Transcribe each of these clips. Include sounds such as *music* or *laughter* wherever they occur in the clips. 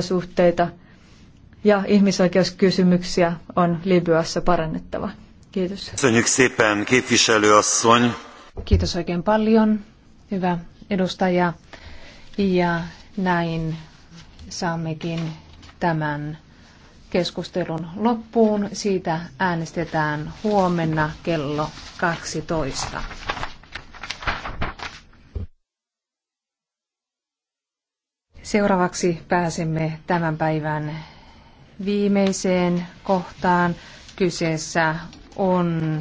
suhteita ja ihmisoikeuskysymyksiä on Libyassa parannettava. Kiitos. Köszönjük szépen, képviselőasszony. Kiitos oikein paljon, hyvä edustaja. Ja näin saammekin tämän keskustelun loppuun. Siitä äänestetään huomenna kello 12. Seuraavaksi pääsemme tämän päivän viimeiseen kohtaan. Kyseessä on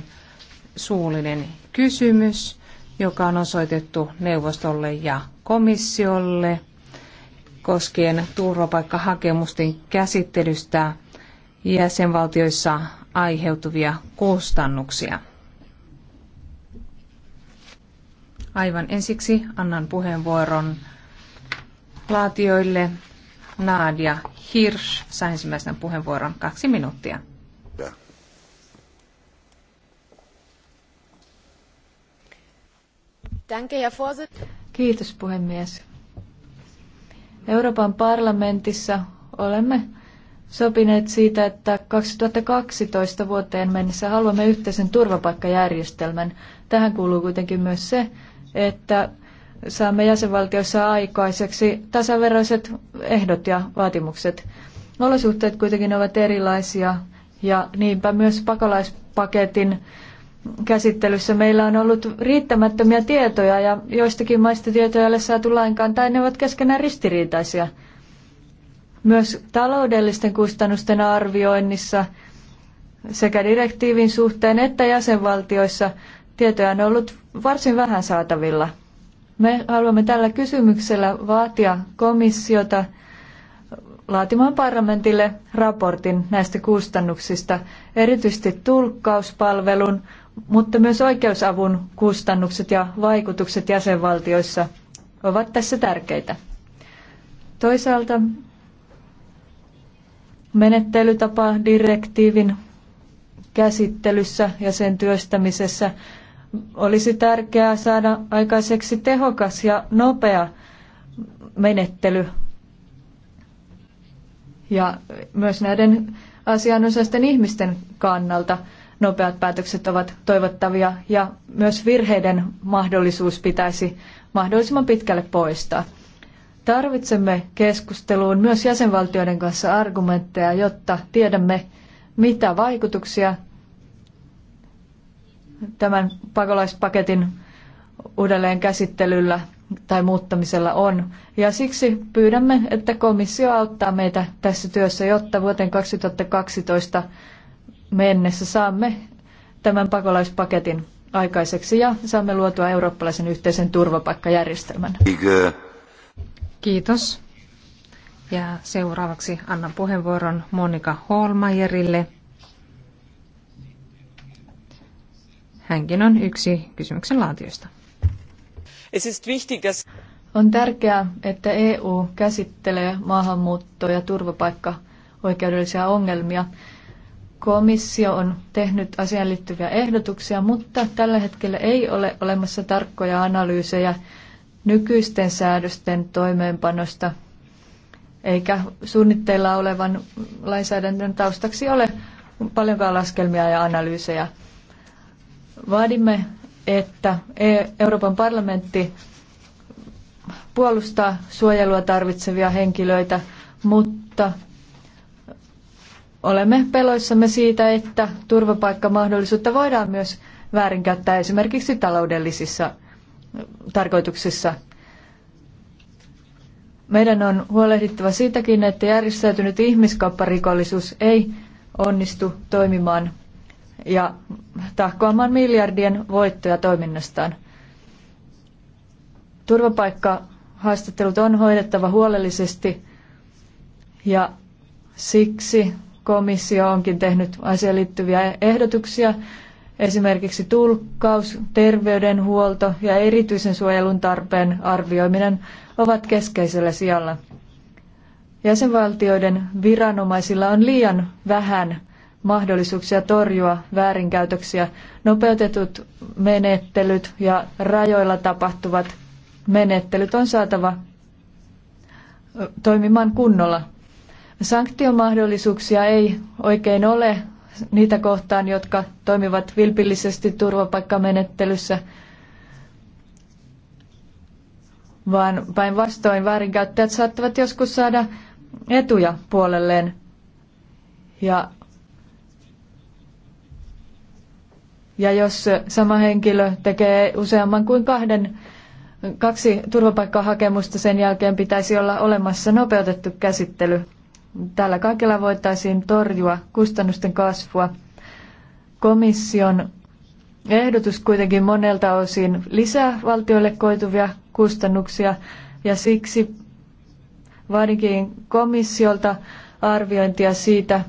suullinen kysymys, joka on osoitettu neuvostolle ja komissiolle koskien turvapaikkahakemusten käsittelystä jäsenvaltioissa aiheutuvia kustannuksia. Aivan ensiksi annan puheenvuoron laatioille. Nadia Hirsch sai ensimmäisen puheenvuoron kaksi minuuttia. Kiitos puhemies. Euroopan parlamentissa olemme sopineet siitä, että 2012 vuoteen mennessä haluamme yhteisen turvapaikkajärjestelmän. Tähän kuuluu kuitenkin myös se, että saamme jäsenvaltioissa aikaiseksi tasaveroiset ehdot ja vaatimukset. Olosuhteet kuitenkin ovat erilaisia ja niinpä myös pakolaispaketin käsittelyssä meillä on ollut riittämättömiä tietoja ja joistakin maista tietoja ei ole saatu lainkaan tai ne ovat keskenään ristiriitaisia. Myös taloudellisten kustannusten arvioinnissa sekä direktiivin suhteen että jäsenvaltioissa tietoja on ollut varsin vähän saatavilla – me haluamme tällä kysymyksellä vaatia komissiota laatimaan parlamentille raportin näistä kustannuksista, erityisesti tulkkauspalvelun, mutta myös oikeusavun kustannukset ja vaikutukset jäsenvaltioissa ovat tässä tärkeitä. Toisaalta menettelytapa direktiivin käsittelyssä ja sen työstämisessä olisi tärkeää saada aikaiseksi tehokas ja nopea menettely. Ja myös näiden asianosaisten ihmisten kannalta nopeat päätökset ovat toivottavia ja myös virheiden mahdollisuus pitäisi mahdollisimman pitkälle poistaa. Tarvitsemme keskusteluun myös jäsenvaltioiden kanssa argumentteja, jotta tiedämme, mitä vaikutuksia tämän pakolaispaketin uudelleen käsittelyllä tai muuttamisella on. Ja siksi pyydämme, että komissio auttaa meitä tässä työssä, jotta vuoteen 2012 mennessä saamme tämän pakolaispaketin aikaiseksi ja saamme luotua eurooppalaisen yhteisen turvapaikkajärjestelmän. Kiitos. Ja seuraavaksi annan puheenvuoron Monika Holmajerille. Hänkin on yksi kysymyksen laatijoista. On tärkeää, että EU käsittelee maahanmuutto- ja turvapaikka-oikeudellisia ongelmia. Komissio on tehnyt asiaan liittyviä ehdotuksia, mutta tällä hetkellä ei ole olemassa tarkkoja analyysejä nykyisten säädösten toimeenpanosta, eikä suunnitteilla olevan lainsäädännön taustaksi ole paljonkaan laskelmia ja analyysejä. Vaadimme, että e- Euroopan parlamentti puolustaa suojelua tarvitsevia henkilöitä, mutta olemme peloissamme siitä, että turvapaikkamahdollisuutta voidaan myös väärinkäyttää esimerkiksi taloudellisissa tarkoituksissa. Meidän on huolehdittava siitäkin, että järjestäytynyt ihmiskaupparikollisuus ei onnistu toimimaan ja tahkoamaan miljardien voittoja toiminnastaan. Turvapaikkahaastattelut on hoidettava huolellisesti ja siksi komissio onkin tehnyt asiaan liittyviä ehdotuksia, esimerkiksi tulkkaus, terveydenhuolto ja erityisen suojelun tarpeen arvioiminen ovat keskeisellä sijalla. Jäsenvaltioiden viranomaisilla on liian vähän mahdollisuuksia torjua väärinkäytöksiä. Nopeutetut menettelyt ja rajoilla tapahtuvat menettelyt on saatava toimimaan kunnolla. Sanktiomahdollisuuksia ei oikein ole niitä kohtaan, jotka toimivat vilpillisesti turvapaikkamenettelyssä, vaan päinvastoin väärinkäyttäjät saattavat joskus saada etuja puolelleen. Ja Ja jos sama henkilö tekee useamman kuin kahden, kaksi turvapaikkahakemusta, sen jälkeen pitäisi olla olemassa nopeutettu käsittely. Tällä kaikella voitaisiin torjua kustannusten kasvua. Komission ehdotus kuitenkin monelta osin lisää valtiolle koituvia kustannuksia ja siksi vaadinkin komissiolta arviointia siitä,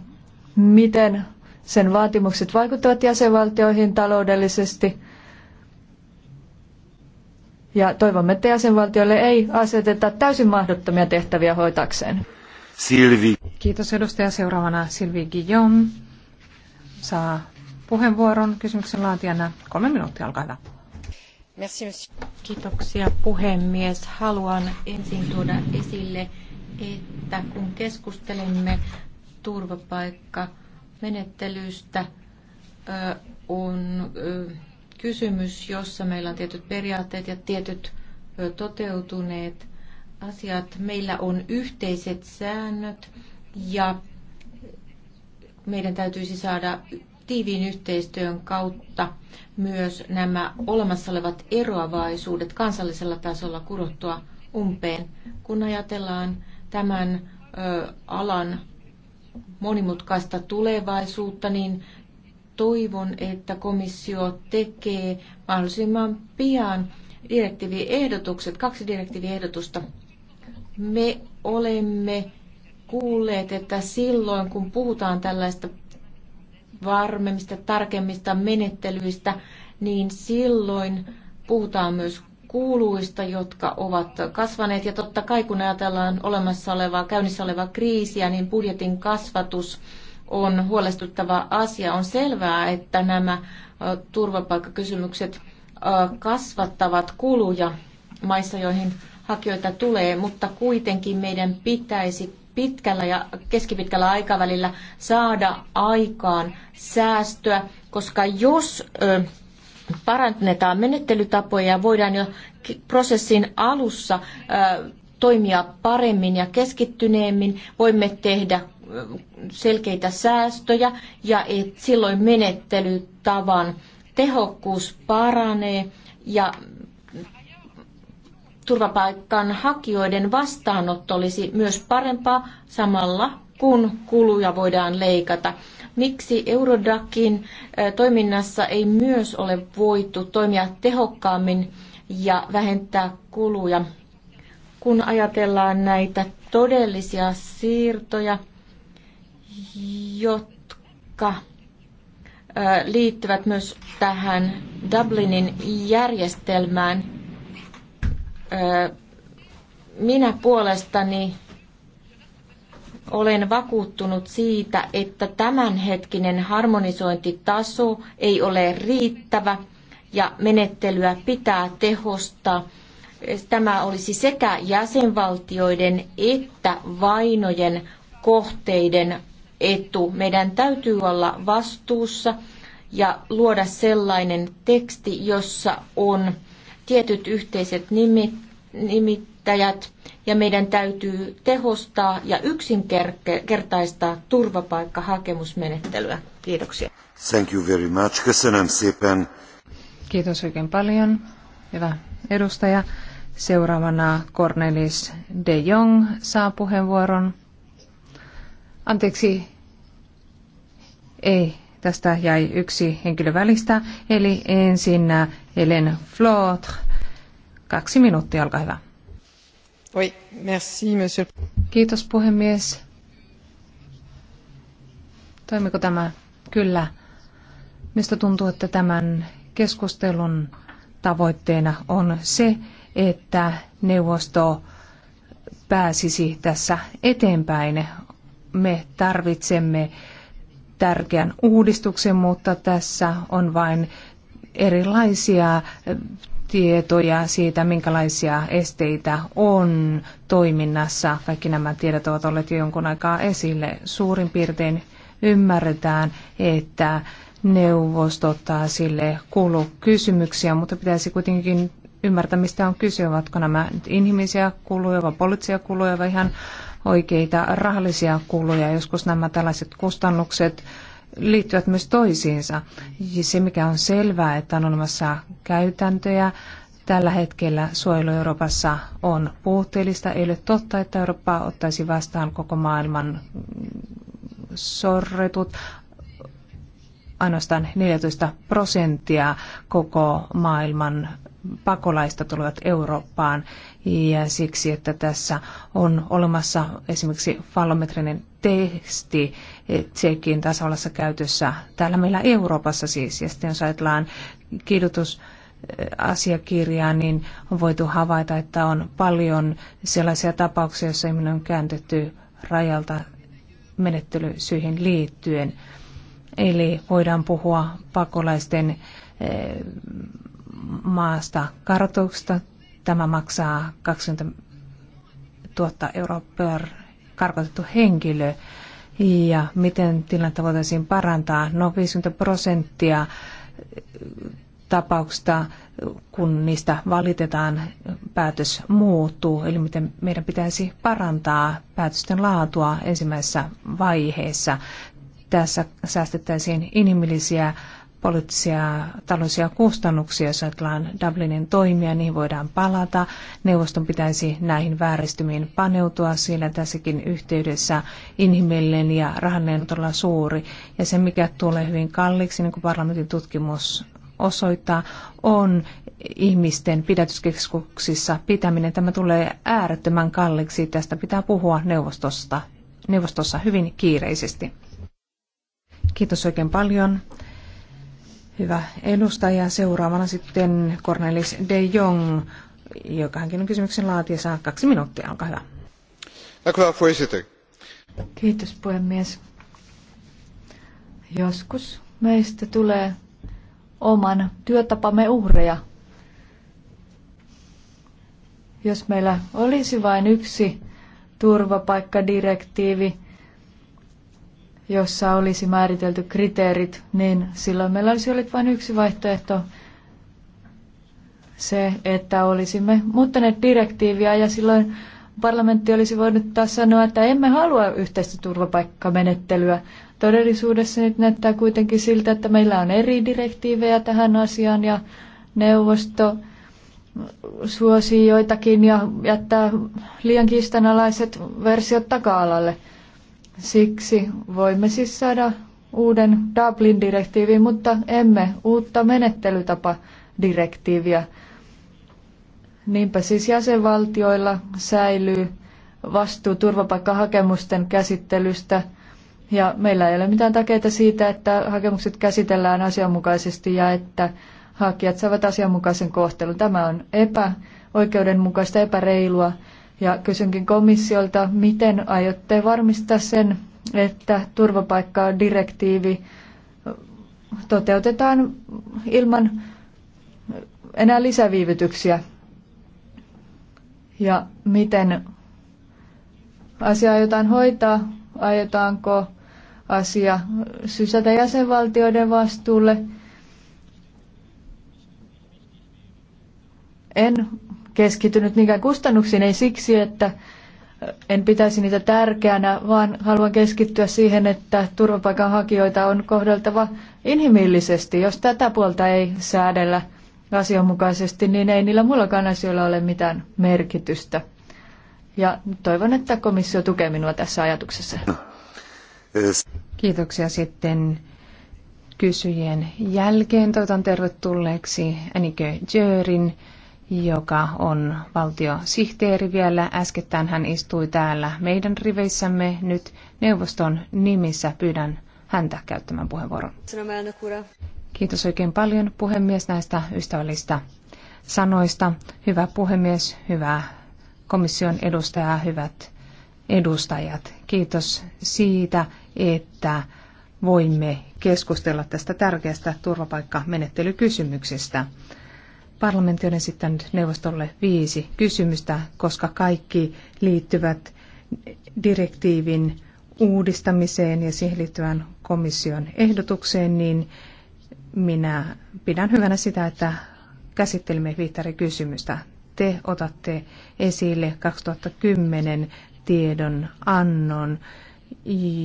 miten sen vaatimukset vaikuttavat jäsenvaltioihin taloudellisesti. Ja toivomme, että jäsenvaltioille ei aseteta täysin mahdottomia tehtäviä hoitakseen. Silvi. Kiitos edustaja. Seuraavana Silvi Guillaume saa puheenvuoron kysymyksen laatijana. Kolme minuuttia, alkaa. hyvä. Kiitoksia puhemies. Haluan ensin tuoda esille, että kun keskustelemme turvapaikka menettelystä on kysymys, jossa meillä on tietyt periaatteet ja tietyt toteutuneet asiat. Meillä on yhteiset säännöt ja meidän täytyisi saada tiiviin yhteistyön kautta myös nämä olemassa olevat eroavaisuudet kansallisella tasolla kurottua umpeen, kun ajatellaan tämän alan monimutkaista tulevaisuutta, niin toivon, että komissio tekee mahdollisimman pian direktiiviehdotukset, kaksi direktiiviehdotusta. Me olemme kuulleet, että silloin kun puhutaan tällaista varmemmista, tarkemmista menettelyistä, niin silloin puhutaan myös kuluista, jotka ovat kasvaneet. Ja totta kai kun ajatellaan olemassa olevaa, käynnissä olevaa kriisiä, niin budjetin kasvatus on huolestuttava asia. On selvää, että nämä turvapaikkakysymykset kasvattavat kuluja maissa, joihin hakijoita tulee, mutta kuitenkin meidän pitäisi pitkällä ja keskipitkällä aikavälillä saada aikaan säästöä, koska jos parannetaan menettelytapoja ja voidaan jo prosessin alussa toimia paremmin ja keskittyneemmin, voimme tehdä selkeitä säästöjä ja et silloin menettelytavan tehokkuus paranee ja turvapaikan hakijoiden vastaanotto olisi myös parempaa samalla kun kuluja voidaan leikata. Miksi Eurodakin toiminnassa ei myös ole voitu toimia tehokkaammin ja vähentää kuluja? Kun ajatellaan näitä todellisia siirtoja, jotka liittyvät myös tähän Dublinin järjestelmään. Minä puolestani olen vakuuttunut siitä, että tämänhetkinen harmonisointitaso ei ole riittävä ja menettelyä pitää tehostaa. Tämä olisi sekä jäsenvaltioiden että vainojen kohteiden etu. Meidän täytyy olla vastuussa ja luoda sellainen teksti, jossa on tietyt yhteiset nimit, nimit yrittäjät ja meidän täytyy tehostaa ja yksinkertaistaa turvapaikkahakemusmenettelyä. Kiitoksia. Thank you very much. Kiitos oikein paljon. Hyvä edustaja. Seuraavana Cornelis de Jong saa puheenvuoron. Anteeksi, ei, tästä jäi yksi henkilö välistä, eli ensin Helen Flotre. Kaksi minuuttia, olkaa hyvä. Oui, merci, monsieur. Kiitos puhemies. Toimiko tämä? Kyllä. Mistä tuntuu, että tämän keskustelun tavoitteena on se, että neuvosto pääsisi tässä eteenpäin. Me tarvitsemme tärkeän uudistuksen, mutta tässä on vain erilaisia tietoja siitä, minkälaisia esteitä on toiminnassa. Kaikki nämä tiedot ovat olleet jo jonkun aikaa esille. Suurin piirtein ymmärretään, että neuvosto ottaa sille kulukysymyksiä, mutta pitäisi kuitenkin ymmärtää, mistä on kyse. Ovatko nämä inhimillisiä kuluja vai poliittisia kuluja vai ihan oikeita rahallisia kuluja. Joskus nämä tällaiset kustannukset liittyvät myös toisiinsa. Ja se, mikä on selvää, että on olemassa käytäntöjä, Tällä hetkellä suojelu Euroopassa on puutteellista. Ei ole totta, että Eurooppa ottaisi vastaan koko maailman sorretut ainoastaan 14 prosenttia koko maailman pakolaista tulevat Eurooppaan ja siksi, että tässä on olemassa esimerkiksi fallometrinen testi Tsekin tasavallassa käytössä täällä meillä Euroopassa siis. Ja sitten jos ajatellaan kidutusasiakirjaa, niin on voitu havaita, että on paljon sellaisia tapauksia, joissa ihminen on kääntetty rajalta menettelysyihin liittyen. Eli voidaan puhua pakolaisten eh, maasta kartoituksesta. Tämä maksaa 20 000 euroa per karkotettu henkilö. Ja miten tilannetta voitaisiin parantaa? No 50 prosenttia tapauksista, kun niistä valitetaan, päätös muuttuu. Eli miten meidän pitäisi parantaa päätösten laatua ensimmäisessä vaiheessa tässä säästettäisiin inhimillisiä poliittisia taloudellisia kustannuksia, jos ajatellaan Dublinin toimia, niihin voidaan palata. Neuvoston pitäisi näihin vääristymiin paneutua, sillä tässäkin yhteydessä inhimillinen ja rahallinen on todella suuri. Ja se, mikä tulee hyvin kalliiksi, niin kuin parlamentin tutkimus osoittaa, on ihmisten pidätyskeskuksissa pitäminen. Tämä tulee äärettömän kalliiksi. Tästä pitää puhua neuvostosta, neuvostossa hyvin kiireisesti. Kiitos oikein paljon. Hyvä edustaja. Seuraavana sitten Cornelis de Jong, joka hänkin on kysymyksen laatija, saa kaksi minuuttia. Olkaa hyvä. Kiitos puhemies. Joskus meistä tulee oman työtapamme uhreja. Jos meillä olisi vain yksi turvapaikkadirektiivi, jossa olisi määritelty kriteerit, niin silloin meillä olisi ollut vain yksi vaihtoehto, se, että olisimme muuttaneet direktiiviä ja silloin parlamentti olisi voinut taas sanoa, että emme halua yhteistä turvapaikkamenettelyä. Todellisuudessa nyt näyttää kuitenkin siltä, että meillä on eri direktiivejä tähän asiaan ja neuvosto suosii joitakin ja jättää liian kiistanalaiset versiot taka-alalle. Siksi voimme siis saada uuden Dublin-direktiivin, mutta emme uutta menettelytapadirektiiviä. Niinpä siis jäsenvaltioilla säilyy vastuu turvapaikkahakemusten käsittelystä ja meillä ei ole mitään takeita siitä, että hakemukset käsitellään asianmukaisesti ja että hakijat saavat asianmukaisen kohtelun. Tämä on epäoikeudenmukaista, epäreilua ja kysynkin komissiolta, miten aiotte varmistaa sen, että turvapaikkadirektiivi toteutetaan ilman enää lisäviivytyksiä ja miten asia aiotaan hoitaa, aiotaanko asia sysätä jäsenvaltioiden vastuulle. En keskittynyt niinkään kustannuksiin, ei siksi, että en pitäisi niitä tärkeänä, vaan haluan keskittyä siihen, että turvapaikanhakijoita on kohdeltava inhimillisesti. Jos tätä puolta ei säädellä asianmukaisesti, niin ei niillä muillakaan asioilla ole mitään merkitystä. Ja toivon, että komissio tukee minua tässä ajatuksessa. Kiitoksia sitten kysyjien jälkeen. Toivotan tervetulleeksi enikö Jörin joka on valtiosihteeri vielä. Äskettäin hän istui täällä meidän riveissämme. Nyt neuvoston nimissä pyydän häntä käyttämään puheenvuoron. Kiitos oikein paljon puhemies näistä ystävällistä sanoista. Hyvä puhemies, hyvä komission edustaja, hyvät edustajat. Kiitos siitä, että voimme keskustella tästä tärkeästä turvapaikkamenettelykysymyksestä. Parlamentti on esittänyt neuvostolle viisi kysymystä, koska kaikki liittyvät direktiivin uudistamiseen ja siihen liittyvään komission ehdotukseen, niin minä pidän hyvänä sitä, että käsittelimme viittari kysymystä. Te otatte esille 2010 tiedon annon,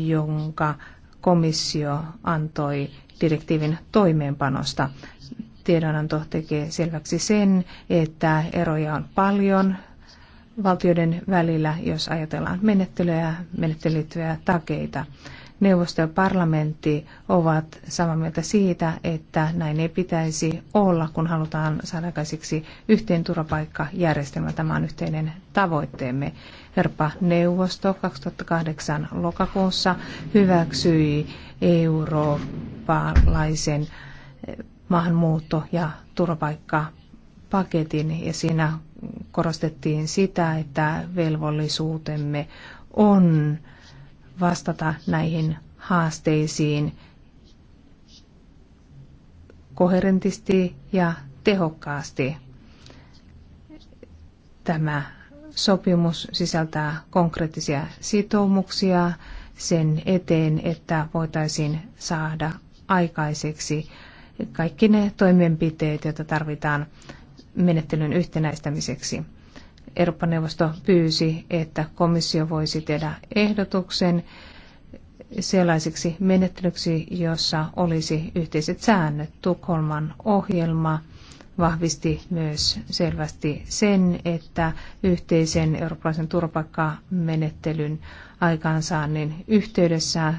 jonka komissio antoi direktiivin toimeenpanosta. Tiedonanto tekee selväksi sen, että eroja on paljon valtioiden välillä, jos ajatellaan menettelyjä, menettelytyä takeita. Neuvosto ja parlamentti ovat samaa mieltä siitä, että näin ei pitäisi olla, kun halutaan saada aikaiseksi yhteen turvapaikkajärjestelmä. Tämä on yhteinen tavoitteemme. Herpa-neuvosto 2008 lokakuussa hyväksyi eurooppalaisen maahanmuutto- ja turvapaikkapaketin ja siinä korostettiin sitä, että velvollisuutemme on vastata näihin haasteisiin koherentisti ja tehokkaasti. Tämä sopimus sisältää konkreettisia sitoumuksia sen eteen, että voitaisiin saada aikaiseksi kaikki ne toimenpiteet, joita tarvitaan menettelyn yhtenäistämiseksi. Eurooppa-neuvosto pyysi, että komissio voisi tehdä ehdotuksen sellaisiksi menettelyksi, jossa olisi yhteiset säännöt. Tukholman ohjelma vahvisti myös selvästi sen, että yhteisen eurooppalaisen turvapaikkamenettelyn aikaansaannin yhteydessä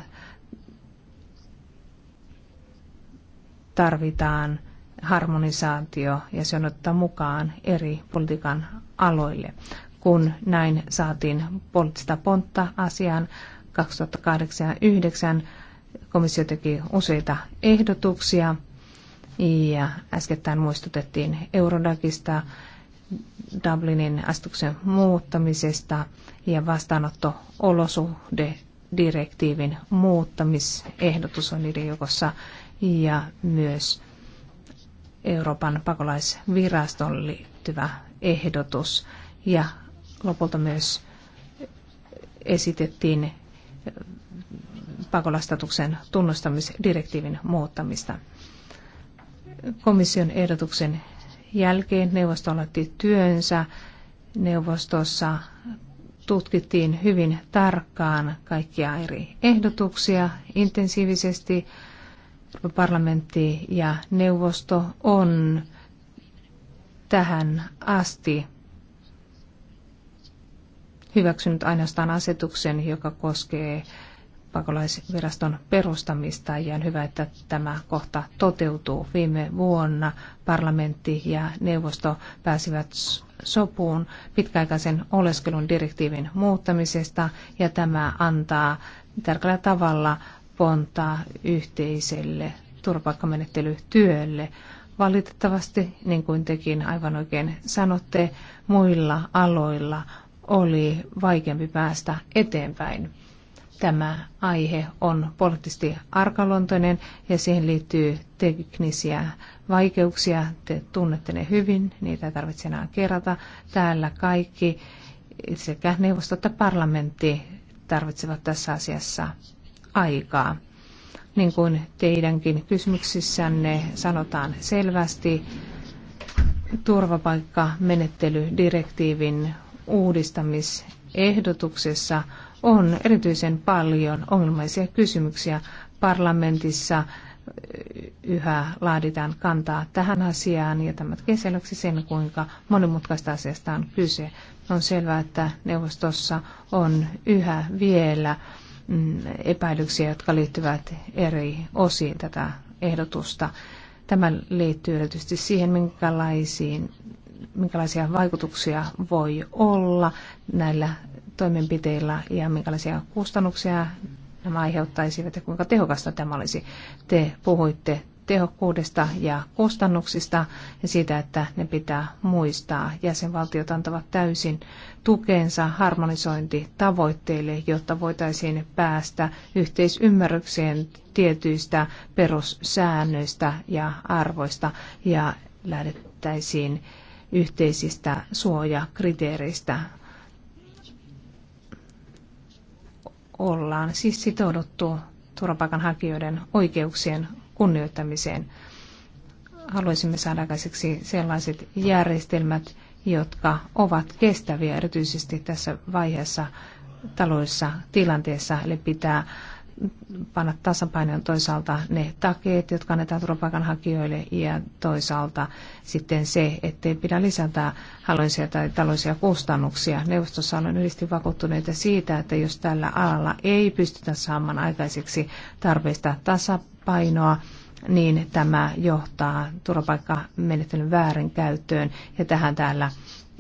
tarvitaan harmonisaatio ja se on ottaa mukaan eri politiikan aloille. Kun näin saatiin poliittista pontta asiaan 2008-2009, komissio teki useita ehdotuksia ja äskettäin muistutettiin Eurodagista, Dublinin astuksen muuttamisesta ja vastaanotto direktiivin muuttamisehdotus on niiden joukossa ja myös Euroopan pakolaisviraston liittyvä ehdotus. Ja lopulta myös esitettiin pakolastatuksen tunnustamisdirektiivin muuttamista. Komission ehdotuksen jälkeen neuvosto aloitti työnsä. Neuvostossa tutkittiin hyvin tarkkaan kaikkia eri ehdotuksia intensiivisesti parlamentti ja neuvosto on tähän asti hyväksynyt ainoastaan asetuksen, joka koskee pakolaisviraston perustamista ja on hyvä, että tämä kohta toteutuu. Viime vuonna parlamentti ja neuvosto pääsivät sopuun pitkäaikaisen oleskelun direktiivin muuttamisesta ja tämä antaa tärkeällä tavalla pontaa yhteiselle turvapaikkamenettelytyölle. Valitettavasti, niin kuin tekin aivan oikein sanotte, muilla aloilla oli vaikeampi päästä eteenpäin. Tämä aihe on poliittisesti arkaluontoinen ja siihen liittyy teknisiä vaikeuksia. Te tunnette ne hyvin, niitä ei tarvitse enää kerrata. Täällä kaikki, sekä neuvosto että parlamentti, tarvitsevat tässä asiassa aikaa. Niin kuin teidänkin kysymyksissänne sanotaan selvästi, turvapaikkamenettelydirektiivin uudistamisehdotuksessa on erityisen paljon ongelmaisia kysymyksiä parlamentissa eh, yhä laaditaan kantaa tähän asiaan ja tämä tekee selväksi sen, kuinka monimutkaista asiasta on kyse. On selvää, että neuvostossa on yhä vielä Mm, epäilyksiä, jotka liittyvät eri osiin tätä ehdotusta. Tämä liittyy erityisesti siihen, minkälaisiin, minkälaisia vaikutuksia voi olla näillä toimenpiteillä ja minkälaisia kustannuksia nämä aiheuttaisivat ja kuinka tehokasta tämä olisi. Te puhuitte tehokkuudesta ja kustannuksista ja siitä, että ne pitää muistaa. Jäsenvaltiot antavat täysin tukeensa harmonisointitavoitteille, jotta voitaisiin päästä yhteisymmärrykseen tietyistä perussäännöistä ja arvoista ja lähdettäisiin yhteisistä suojakriteereistä ollaan siis sitouduttu turvapaikanhakijoiden oikeuksien kunnioittamiseen. Haluaisimme saada aikaiseksi sellaiset järjestelmät, jotka ovat kestäviä erityisesti tässä vaiheessa taloudessa tilanteessa, eli pitää panna tasapainoon toisaalta ne takeet, jotka annetaan turvapaikanhakijoille ja toisaalta sitten se, ettei pidä lisätä haluaisia tai taloudellisia kustannuksia. Neuvostossa on yleisesti vakuuttuneita siitä, että jos tällä alalla ei pystytä saamaan aikaiseksi tarpeista tasapainoa, painoa, niin tämä johtaa turvapaikkamenettelyn väärinkäyttöön ja tähän täällä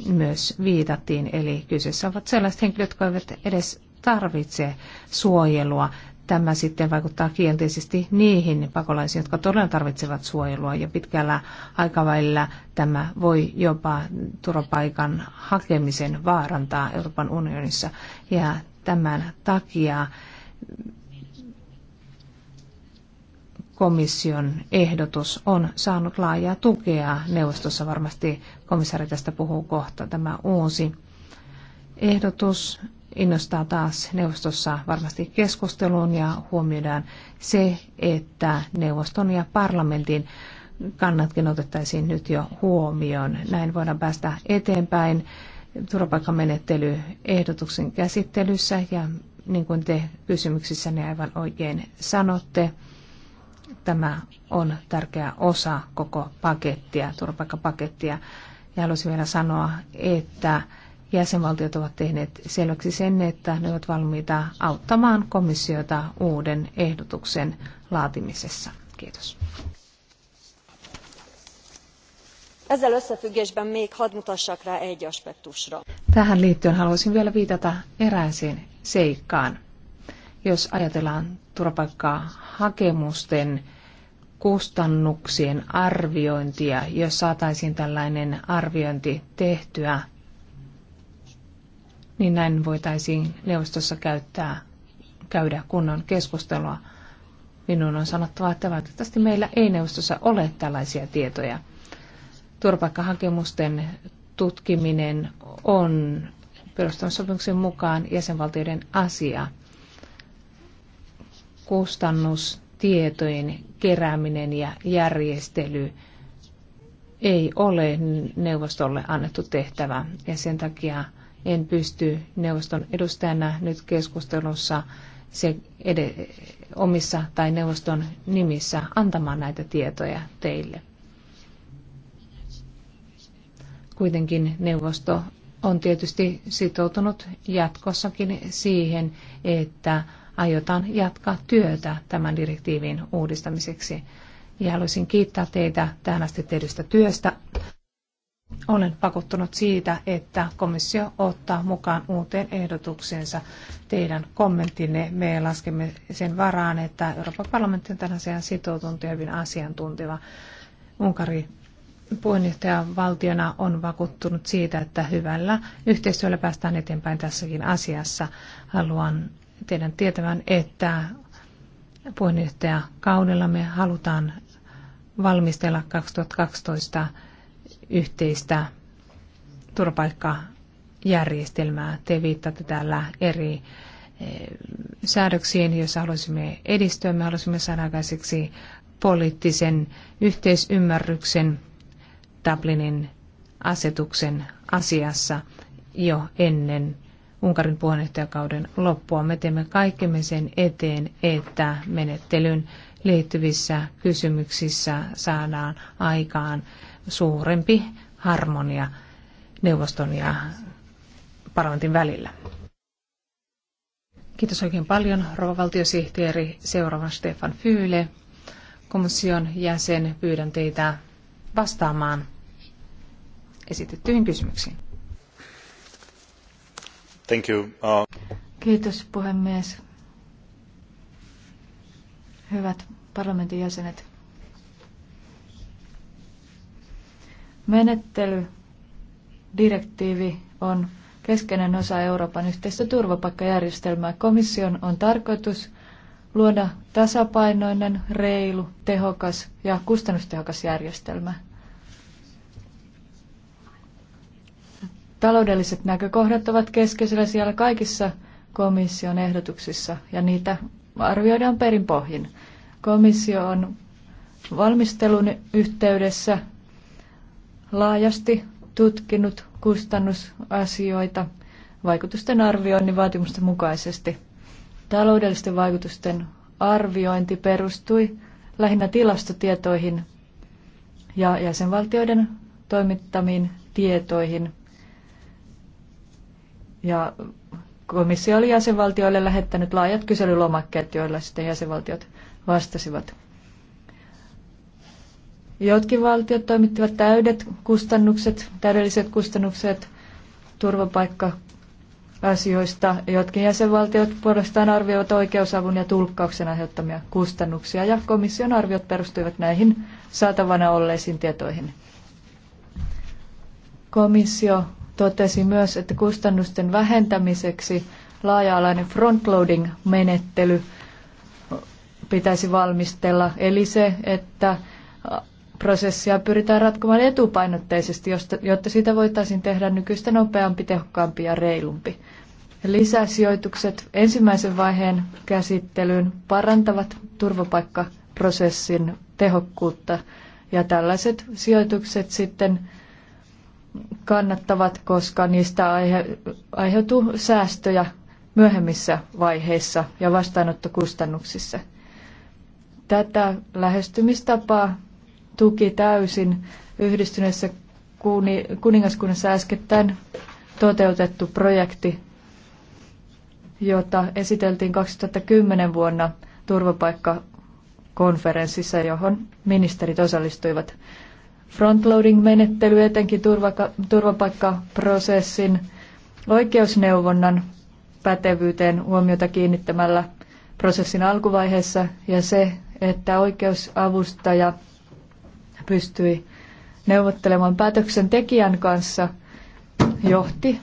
myös viitattiin. Eli kyseessä ovat sellaiset henkilöt, jotka eivät edes tarvitse suojelua. Tämä sitten vaikuttaa kielteisesti niihin pakolaisiin, jotka todella tarvitsevat suojelua ja pitkällä aikavälillä tämä voi jopa turvapaikan hakemisen vaarantaa Euroopan unionissa. Ja tämän takia komission ehdotus on saanut laajaa tukea. Neuvostossa varmasti komissaari tästä puhuu kohta. Tämä uusi ehdotus innostaa taas neuvostossa varmasti keskusteluun ja huomioidaan se, että neuvoston ja parlamentin kannatkin otettaisiin nyt jo huomioon. Näin voidaan päästä eteenpäin turvapaikkamenettelyehdotuksen käsittelyssä ja niin kuin te kysymyksissänne aivan oikein sanotte, tämä on tärkeä osa koko pakettia, turvapaikkapakettia. Ja haluaisin vielä sanoa, että jäsenvaltiot ovat tehneet selväksi sen, että ne ovat valmiita auttamaan komissiota uuden ehdotuksen laatimisessa. Kiitos. Ezzel összefüggésben még hadd mutassak rá egy aspektusra. Tähän liittyen haluaisin vielä viitata erääseen seikkaan. Jos ajatellaan turvapaikkahakemusten hakemusten kustannuksien arviointia, jos saataisiin tällainen arviointi tehtyä, niin näin voitaisiin neuvostossa käyttää, käydä kunnon keskustelua. Minun on sanottava, että valitettavasti meillä ei neuvostossa ole tällaisia tietoja. Turvapaikkahakemusten tutkiminen on perustamissopimuksen mukaan jäsenvaltioiden asia – kustannustietojen kerääminen ja järjestely ei ole neuvostolle annettu tehtävä ja sen takia en pysty neuvoston edustajana nyt keskustelussa se ed- omissa tai neuvoston nimissä antamaan näitä tietoja teille. Kuitenkin neuvosto on tietysti sitoutunut jatkossakin siihen, että aiotaan jatkaa työtä tämän direktiivin uudistamiseksi. Ja haluaisin kiittää teitä tähän asti tehdystä työstä. Olen pakottunut siitä, että komissio ottaa mukaan uuteen ehdotuksensa teidän kommenttinne. Me laskemme sen varaan, että Euroopan parlamentti on tähän asiaan sitoutunut ja hyvin asiantunteva. Unkari puheenjohtajavaltiona on vakuuttunut siitä, että hyvällä yhteistyöllä päästään eteenpäin tässäkin asiassa. Haluan teidän tietävän, että puheenjohtaja kaudella me halutaan valmistella 2012 yhteistä turvapaikkajärjestelmää. Te viittaatte täällä eri eh, säädöksiin, joissa haluaisimme edistyä. Me haluaisimme saada aikaiseksi poliittisen yhteisymmärryksen Dublinin asetuksen asiassa jo ennen Unkarin puheenjohtajakauden loppua. Me teemme kaikkemme sen eteen, että menettelyn liittyvissä kysymyksissä saadaan aikaan suurempi harmonia neuvoston ja parlamentin välillä. Kiitos oikein paljon, rouva valtiosihteeri. Seuraavan Stefan Fyyle, komission jäsen. Pyydän teitä vastaamaan esitettyihin kysymyksiin. Thank you. Uh... Kiitos puhemies. Hyvät parlamentin jäsenet. Menettelydirektiivi on keskeinen osa Euroopan yhteistä turvapaikkajärjestelmää. Komission on tarkoitus luoda tasapainoinen, reilu, tehokas ja kustannustehokas järjestelmä. Taloudelliset näkökohdat ovat keskeisellä siellä kaikissa komission ehdotuksissa ja niitä arvioidaan perin pohjin. Komissio on valmistelun yhteydessä laajasti tutkinut kustannusasioita vaikutusten arvioinnin vaatimusten mukaisesti. Taloudellisten vaikutusten arviointi perustui lähinnä tilastotietoihin ja jäsenvaltioiden toimittamiin tietoihin ja komissio oli jäsenvaltioille lähettänyt laajat kyselylomakkeet, joilla sitten jäsenvaltiot vastasivat. Jotkin valtiot toimittivat täydet kustannukset, täydelliset kustannukset turvapaikka-asioista. Jotkin jäsenvaltiot puolestaan arvioivat oikeusavun ja tulkkauksen aiheuttamia kustannuksia, ja komission arviot perustuivat näihin saatavana olleisiin tietoihin. Komissio totesi myös, että kustannusten vähentämiseksi laaja-alainen frontloading-menettely pitäisi valmistella, eli se, että prosessia pyritään ratkomaan etupainotteisesti, jotta siitä voitaisiin tehdä nykyistä nopeampi, tehokkaampi ja reilumpi. Lisäsijoitukset ensimmäisen vaiheen käsittelyyn parantavat turvapaikkaprosessin tehokkuutta ja tällaiset sijoitukset sitten kannattavat, koska niistä aihe- aiheutuu säästöjä myöhemmissä vaiheissa ja vastaanottokustannuksissa. Tätä lähestymistapaa tuki täysin yhdistyneessä kuningaskunnassa äskettäin toteutettu projekti, jota esiteltiin 2010 vuonna turvapaikkakonferenssissa, johon ministerit osallistuivat. Frontloading-menettely etenkin turvaka- turvapaikkaprosessin oikeusneuvonnan pätevyyteen huomiota kiinnittämällä prosessin alkuvaiheessa ja se, että oikeusavustaja pystyi neuvottelemaan päätöksentekijän kanssa, johti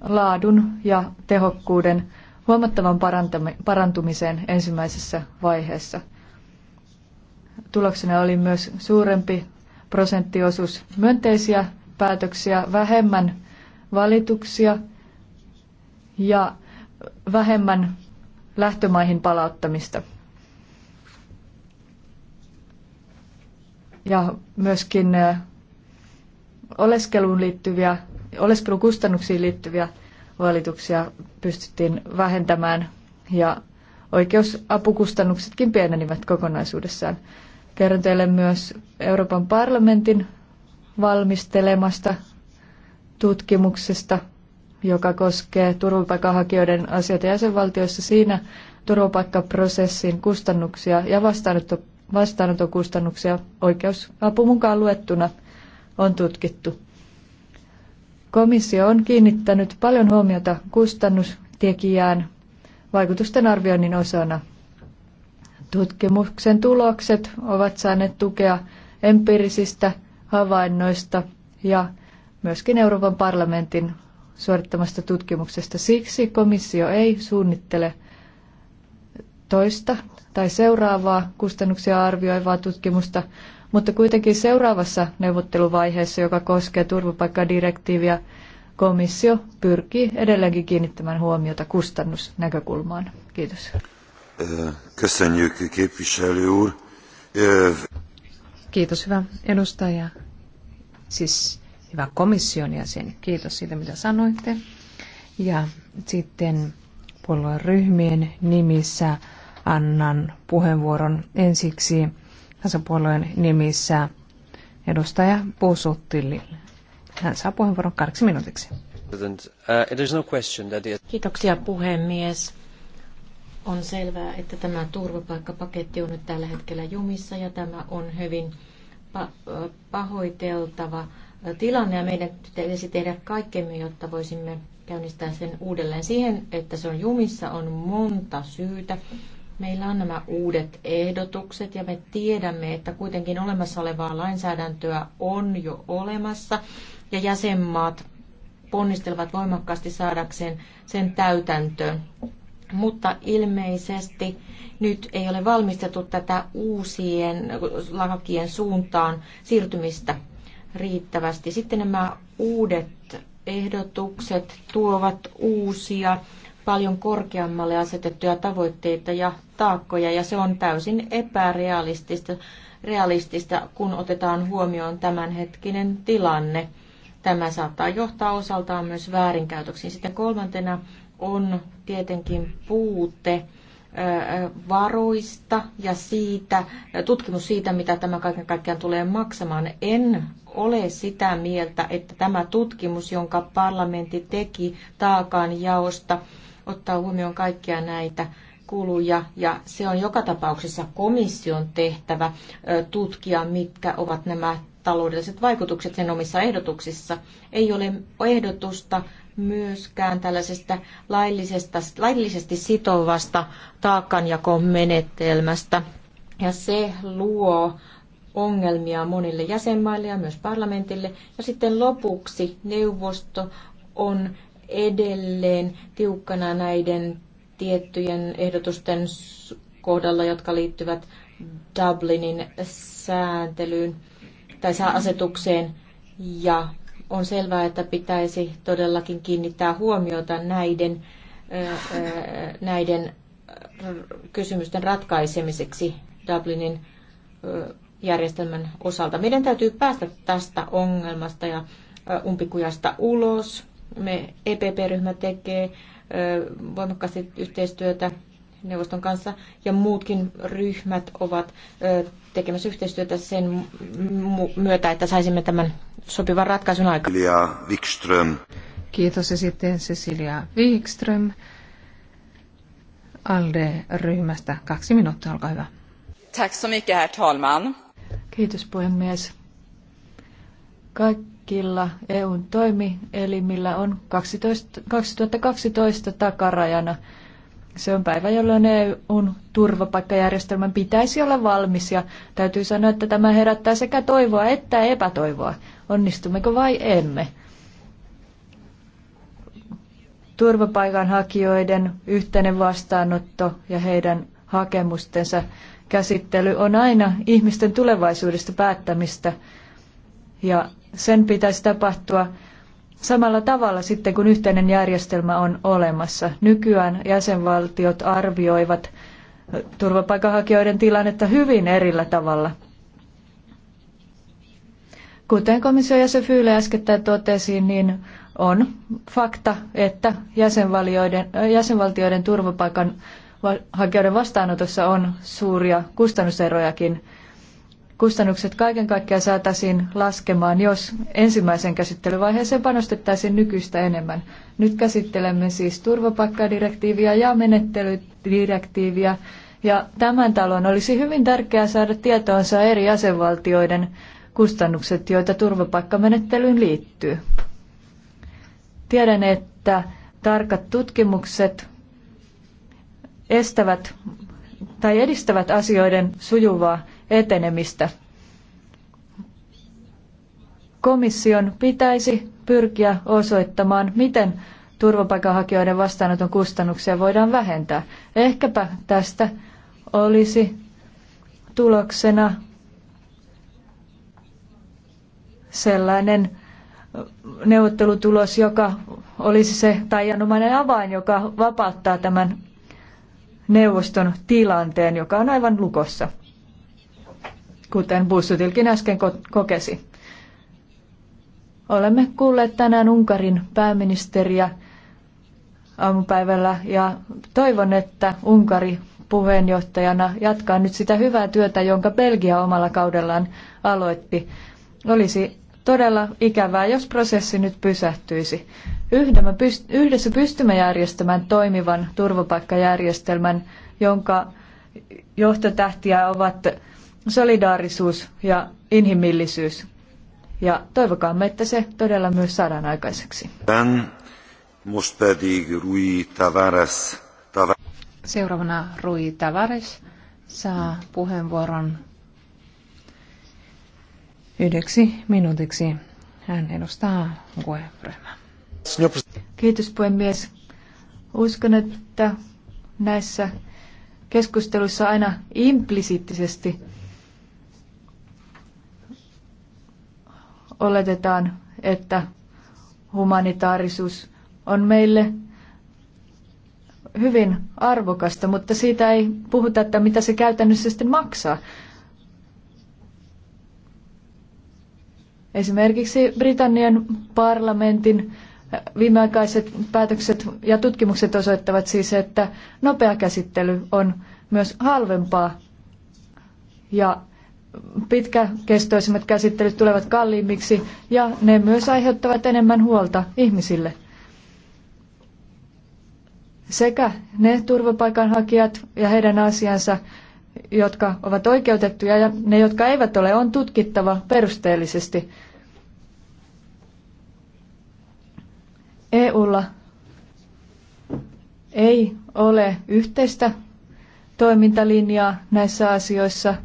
laadun ja tehokkuuden huomattavan parantumiseen ensimmäisessä vaiheessa – tuloksena oli myös suurempi prosenttiosuus myönteisiä päätöksiä, vähemmän valituksia ja vähemmän lähtömaihin palauttamista. Ja myöskin oleskeluun liittyviä, oleskelukustannuksiin liittyviä valituksia pystyttiin vähentämään ja oikeusapukustannuksetkin pienenivät kokonaisuudessaan. Kerron teille myös Euroopan parlamentin valmistelemasta tutkimuksesta, joka koskee turvapaikanhakijoiden asioita jäsenvaltioissa. Siinä turvapaikkaprosessin kustannuksia ja vastaanotto, kustannuksia oikeusapu mukaan luettuna on tutkittu. Komissio on kiinnittänyt paljon huomiota kustannustekijään vaikutusten arvioinnin osana Tutkimuksen tulokset ovat saaneet tukea empiirisistä havainnoista ja myöskin Euroopan parlamentin suorittamasta tutkimuksesta. Siksi komissio ei suunnittele toista tai seuraavaa kustannuksia arvioivaa tutkimusta, mutta kuitenkin seuraavassa neuvotteluvaiheessa, joka koskee turvapaikkadirektiiviä, komissio pyrkii edelleenkin kiinnittämään huomiota kustannusnäkökulmaan. Kiitos. Köszönjük, képviselő úr. Kiitos, hyvä edustaja. Siis hyvä komission jäsen. Kiitos siitä, mitä sanoitte. Ja sitten puolueryhmien nimissä annan puheenvuoron ensiksi tasapuolueen nimissä edustaja Puusuttillille. Hän saa puheenvuoron kahdeksi minuutiksi. Uh, no Kiitoksia puhemies. On selvää, että tämä turvapaikkapaketti on nyt tällä hetkellä jumissa ja tämä on hyvin pahoiteltava tilanne ja meidän pitäisi tehdä kaikkemme, jotta voisimme käynnistää sen uudelleen. Siihen, että se on jumissa, on monta syytä. Meillä on nämä uudet ehdotukset ja me tiedämme, että kuitenkin olemassa olevaa lainsäädäntöä on jo olemassa ja jäsenmaat ponnistelevat voimakkaasti saadakseen sen täytäntöön mutta ilmeisesti nyt ei ole valmistettu tätä uusien lakien suuntaan siirtymistä riittävästi. Sitten nämä uudet ehdotukset tuovat uusia paljon korkeammalle asetettuja tavoitteita ja taakkoja, ja se on täysin epärealistista, realistista, kun otetaan huomioon tämänhetkinen tilanne. Tämä saattaa johtaa osaltaan myös väärinkäytöksiin. Sitten kolmantena on tietenkin puute varoista ja siitä, tutkimus siitä, mitä tämä kaiken kaikkiaan tulee maksamaan. En ole sitä mieltä, että tämä tutkimus, jonka parlamentti teki taakaan jaosta, ottaa huomioon kaikkia näitä kuluja ja se on joka tapauksessa komission tehtävä tutkia, mitkä ovat nämä taloudelliset vaikutukset sen omissa ehdotuksissa. Ei ole ehdotusta, myöskään tällaisesta laillisesta, laillisesti sitovasta taakanjakomenetelmästä. Ja se luo ongelmia monille jäsenmaille ja myös parlamentille. Ja sitten lopuksi neuvosto on edelleen tiukkana näiden tiettyjen ehdotusten kohdalla, jotka liittyvät Dublinin sääntelyyn tai asetukseen ja on selvää, että pitäisi todellakin kiinnittää huomiota näiden, näiden kysymysten ratkaisemiseksi Dublinin järjestelmän osalta. Meidän täytyy päästä tästä ongelmasta ja umpikujasta ulos. Me EPP-ryhmä tekee voimakkaasti yhteistyötä neuvoston kanssa ja muutkin ryhmät ovat tekemässä yhteistyötä sen myötä, että saisimme tämän sopivan ratkaisun aikaan. Cecilia Wikström. Kiitos ja sitten Cecilia Wikström. ALDE-ryhmästä. Kaksi minuuttia, olkaa hyvä. Tack så mycket, herr talman. Kiitos puhemies. Kaikilla EUn toimielimillä on 12, 2012 takarajana se on päivä, jolloin EUn turvapaikkajärjestelmän pitäisi olla valmis ja täytyy sanoa, että tämä herättää sekä toivoa että epätoivoa. Onnistummeko vai emme? Turvapaikanhakijoiden yhteinen vastaanotto ja heidän hakemustensa käsittely on aina ihmisten tulevaisuudesta päättämistä ja sen pitäisi tapahtua samalla tavalla sitten, kun yhteinen järjestelmä on olemassa. Nykyään jäsenvaltiot arvioivat turvapaikanhakijoiden tilannetta hyvin erillä tavalla. Kuten komission jäsen Fyyle äskettäin totesi, niin on fakta, että jäsenvaltioiden, jäsenvaltioiden turvapaikan hakijoiden vastaanotossa on suuria kustannuserojakin kustannukset kaiken kaikkiaan saataisiin laskemaan, jos ensimmäisen käsittelyvaiheeseen panostettaisiin nykyistä enemmän. Nyt käsittelemme siis turvapaikkadirektiiviä ja menettelydirektiiviä, ja tämän talon olisi hyvin tärkeää saada tietoonsa eri jäsenvaltioiden kustannukset, joita turvapaikkamenettelyyn liittyy. Tiedän, että tarkat tutkimukset estävät tai edistävät asioiden sujuvaa etenemistä. Komission pitäisi pyrkiä osoittamaan, miten turvapaikanhakijoiden vastaanoton kustannuksia voidaan vähentää. Ehkäpä tästä olisi tuloksena sellainen neuvottelutulos, joka olisi se taianomainen avain, joka vapauttaa tämän neuvoston tilanteen, joka on aivan lukossa kuten Bussutilkin äsken kokesi. Olemme kuulleet tänään Unkarin pääministeriä aamupäivällä ja toivon, että Unkari puheenjohtajana jatkaa nyt sitä hyvää työtä, jonka Belgia omalla kaudellaan aloitti. Olisi todella ikävää, jos prosessi nyt pysähtyisi. Yhdessä pystymme järjestämään toimivan turvapaikkajärjestelmän, jonka johtotähtiä ovat solidaarisuus ja inhimillisyys. Ja toivokaamme, että se todella myös saadaan aikaiseksi. Seuraavana Rui Tavares saa hmm. puheenvuoron yhdeksi minuutiksi. Hän edustaa gue Kiitos puhemies. Uskon, että näissä keskusteluissa aina implisiittisesti oletetaan, että humanitaarisuus on meille hyvin arvokasta, mutta siitä ei puhuta, että mitä se käytännössä sitten maksaa. Esimerkiksi Britannian parlamentin viimeaikaiset päätökset ja tutkimukset osoittavat siis, että nopea käsittely on myös halvempaa ja pitkäkestoisimmat käsittelyt tulevat kalliimmiksi ja ne myös aiheuttavat enemmän huolta ihmisille. Sekä ne turvapaikanhakijat ja heidän asiansa, jotka ovat oikeutettuja ja ne, jotka eivät ole, on tutkittava perusteellisesti. EUlla ei ole yhteistä toimintalinjaa näissä asioissa –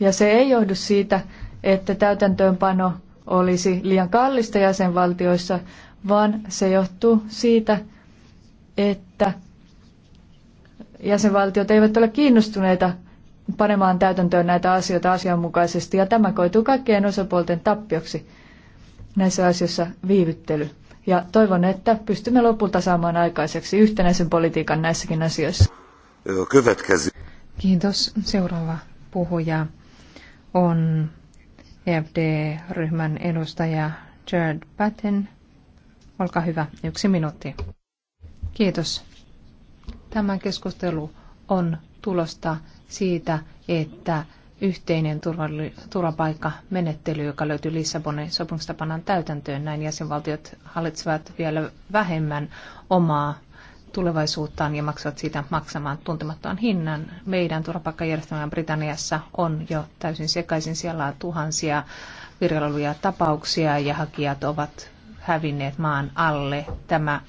ja se ei johdu siitä, että täytäntöönpano olisi liian kallista jäsenvaltioissa, vaan se johtuu siitä, että jäsenvaltiot eivät ole kiinnostuneita panemaan täytäntöön näitä asioita asianmukaisesti, ja tämä koituu kaikkien osapuolten tappioksi näissä asioissa viivyttely. Ja toivon, että pystymme lopulta saamaan aikaiseksi yhtenäisen politiikan näissäkin asioissa. Kiitos. Seuraava puhuja on EFD-ryhmän edustaja Jared Patten. Olkaa hyvä, yksi minuutti. Kiitos. Tämä keskustelu on tulosta siitä, että yhteinen turvapaikkamenettely, joka löytyy Lissabonin sopimuksesta, pannaan täytäntöön. Näin jäsenvaltiot hallitsevat vielä vähemmän omaa tulevaisuuttaan ja maksavat siitä maksamaan tuntemattoman hinnan. Meidän turvapaikkajärjestelmä Britanniassa on jo täysin sekaisin. Siellä on tuhansia viralluja tapauksia ja hakijat ovat hävinneet maan alle. Tämä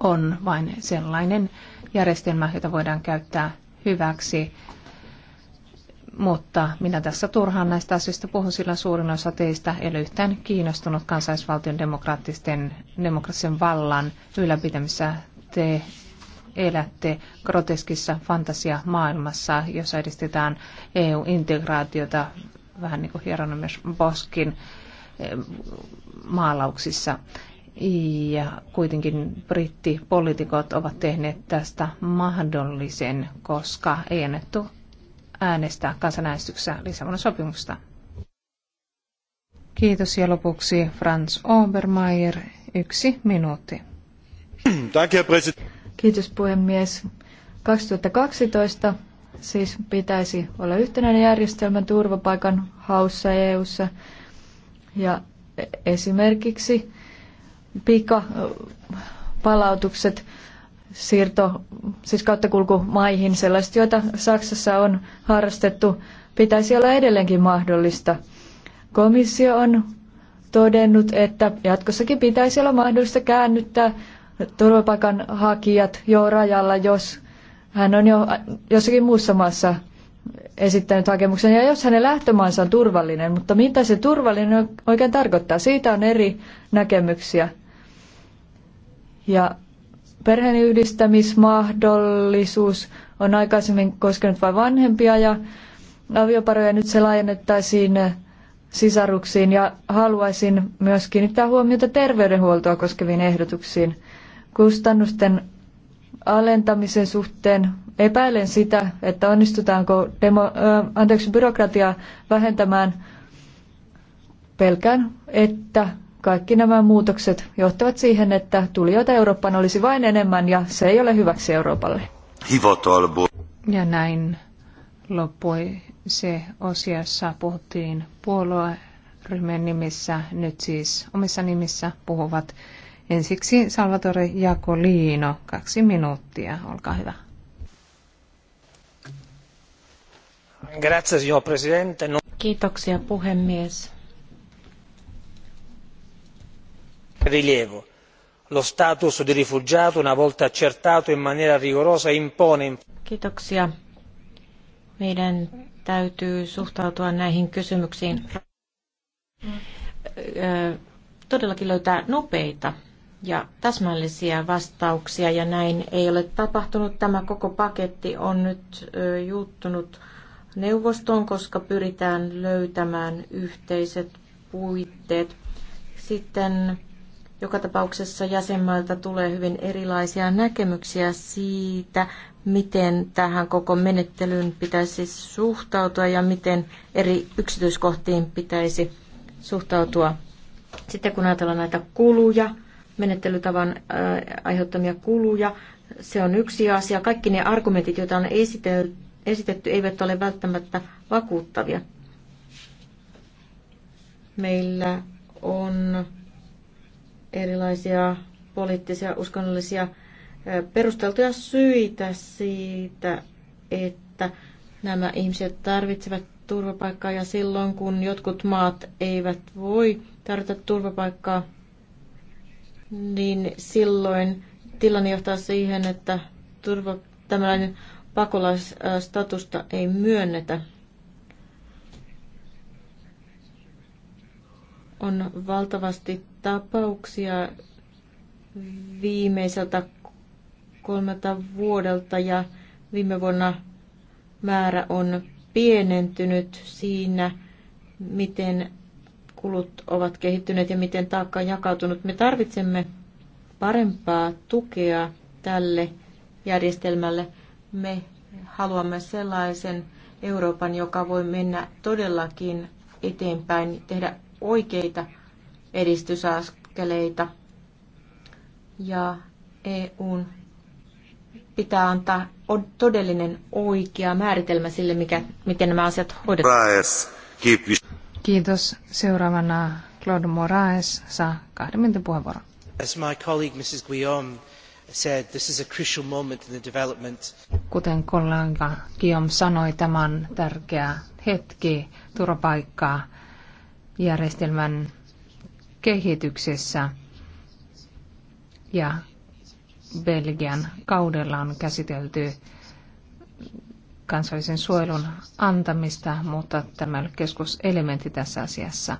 on vain sellainen järjestelmä, jota voidaan käyttää hyväksi. Mutta minä tässä turhaan näistä asioista puhun, sillä suurin osa teistä ei ole yhtään kiinnostunut kansallisvaltion demokraattisten, demokraattisen vallan ylläpitämisessä te elätte groteskissa fantasiamaailmassa, jossa edistetään EU-integraatiota, vähän niin kuin Hieronymus Boskin maalauksissa. Ja kuitenkin brittipolitiikot ovat tehneet tästä mahdollisen, koska ei annettu äänestää kansanäänestyksessä Lissabonin sopimusta. Kiitos ja lopuksi Franz Obermeier, yksi minuutti. Kiitos puhemies. 2012 siis pitäisi olla yhtenäinen järjestelmä turvapaikan haussa EU:ssa ja esimerkiksi pika palautukset siirto, siis kauttakulkumaihin, sellaiset, joita Saksassa on harrastettu, pitäisi olla edelleenkin mahdollista. Komissio on todennut, että jatkossakin pitäisi olla mahdollista käännyttää turvapaikanhakijat jo rajalla, jos hän on jo jossakin muussa maassa esittänyt hakemuksen. Ja jos hänen lähtömaansa on turvallinen, mutta mitä se turvallinen oikein tarkoittaa? Siitä on eri näkemyksiä. Ja perheenyhdistämismahdollisuus on aikaisemmin koskenut vain vanhempia ja avioparoja nyt se laajennettaisiin sisaruksiin ja haluaisin myös kiinnittää huomiota terveydenhuoltoa koskeviin ehdotuksiin kustannusten alentamisen suhteen epäilen sitä, että onnistutaanko demo, äh, anteeksi, byrokratiaa vähentämään. Pelkään, että kaikki nämä muutokset johtavat siihen, että tulijoita Eurooppaan olisi vain enemmän ja se ei ole hyväksi Euroopalle. Ja näin loppui se osiassa puhuttiin puolueryhmien nimissä, nyt siis omissa nimissä puhuvat Ensiksi Salvatore Jakolino, kaksi minuuttia, olkaa hyvä. Grazie, signor Presidente. Kiitoksia puhemies. Rilievo. Lo status di rifugiato una volta accertato in maniera rigorosa impone... Kiitoksia. Meidän täytyy suhtautua näihin kysymyksiin mm. todellakin löytää nopeita ja täsmällisiä vastauksia ja näin ei ole tapahtunut. Tämä koko paketti on nyt juuttunut neuvostoon, koska pyritään löytämään yhteiset puitteet. Sitten joka tapauksessa jäsenmailta tulee hyvin erilaisia näkemyksiä siitä, miten tähän koko menettelyyn pitäisi suhtautua ja miten eri yksityiskohtiin pitäisi suhtautua. Sitten kun ajatellaan näitä kuluja, menettelytavan aiheuttamia kuluja. Se on yksi asia. Kaikki ne argumentit, joita on esitetty, eivät ole välttämättä vakuuttavia. Meillä on erilaisia poliittisia, uskonnollisia perusteltuja syitä siitä, että nämä ihmiset tarvitsevat turvapaikkaa ja silloin kun jotkut maat eivät voi tarjota turvapaikkaa, niin silloin tilanne johtaa siihen, että turva, tämmöinen pakolaisstatusta ei myönnetä. On valtavasti tapauksia viimeiseltä kolmelta vuodelta ja viime vuonna määrä on pienentynyt siinä, miten kulut ovat kehittyneet ja miten taakka on jakautunut. Me tarvitsemme parempaa tukea tälle järjestelmälle. Me haluamme sellaisen Euroopan, joka voi mennä todellakin eteenpäin, tehdä oikeita edistysaskeleita. Ja EUn pitää antaa todellinen oikea määritelmä sille, mikä, miten nämä asiat hoidetaan. Kiitos. Seuraavana Claude Moraes saa kahden minuutin puheenvuoron. As my colleague Mrs. Guillaume said, this is a crucial moment in the development. Kuten kollega Guillaume sanoi, tämä on tärkeä hetki turvapaikkaa järjestelmän kehityksessä ja Belgian kaudella on käsitelty kansallisen suojelun antamista, mutta tämä ei keskuselementti tässä asiassa.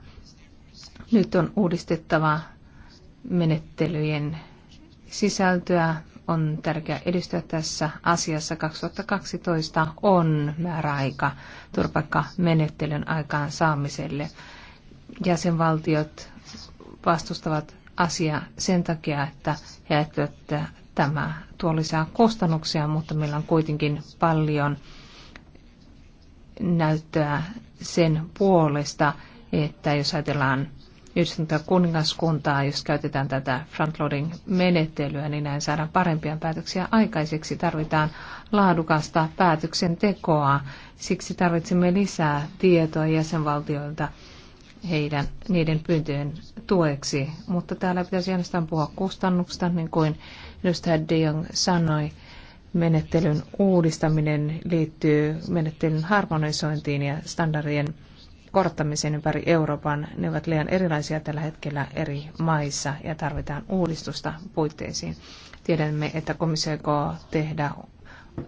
Nyt on uudistettava menettelyjen sisältöä. On tärkeää edistyä tässä asiassa. 2012 on määräaika turvapaikkamenettelyn aikaan saamiselle. Jäsenvaltiot vastustavat asiaa sen takia, että he että tämä tuo lisää kustannuksia, mutta meillä on kuitenkin paljon näyttöä sen puolesta, että jos ajatellaan yhdistyntä kuningaskuntaa, jos käytetään tätä frontloading-menettelyä, niin näin saadaan parempia päätöksiä aikaiseksi. Tarvitaan laadukasta päätöksentekoa. Siksi tarvitsemme lisää tietoa jäsenvaltioilta heidän, niiden pyyntöjen tueksi. Mutta täällä pitäisi ainoastaan puhua kustannuksista, niin kuin edustaja Dion sanoi menettelyn uudistaminen liittyy menettelyn harmonisointiin ja standardien korottamiseen ympäri Euroopan. Ne ovat liian erilaisia tällä hetkellä eri maissa ja tarvitaan uudistusta puitteisiin. Tiedämme, että komissio tehdä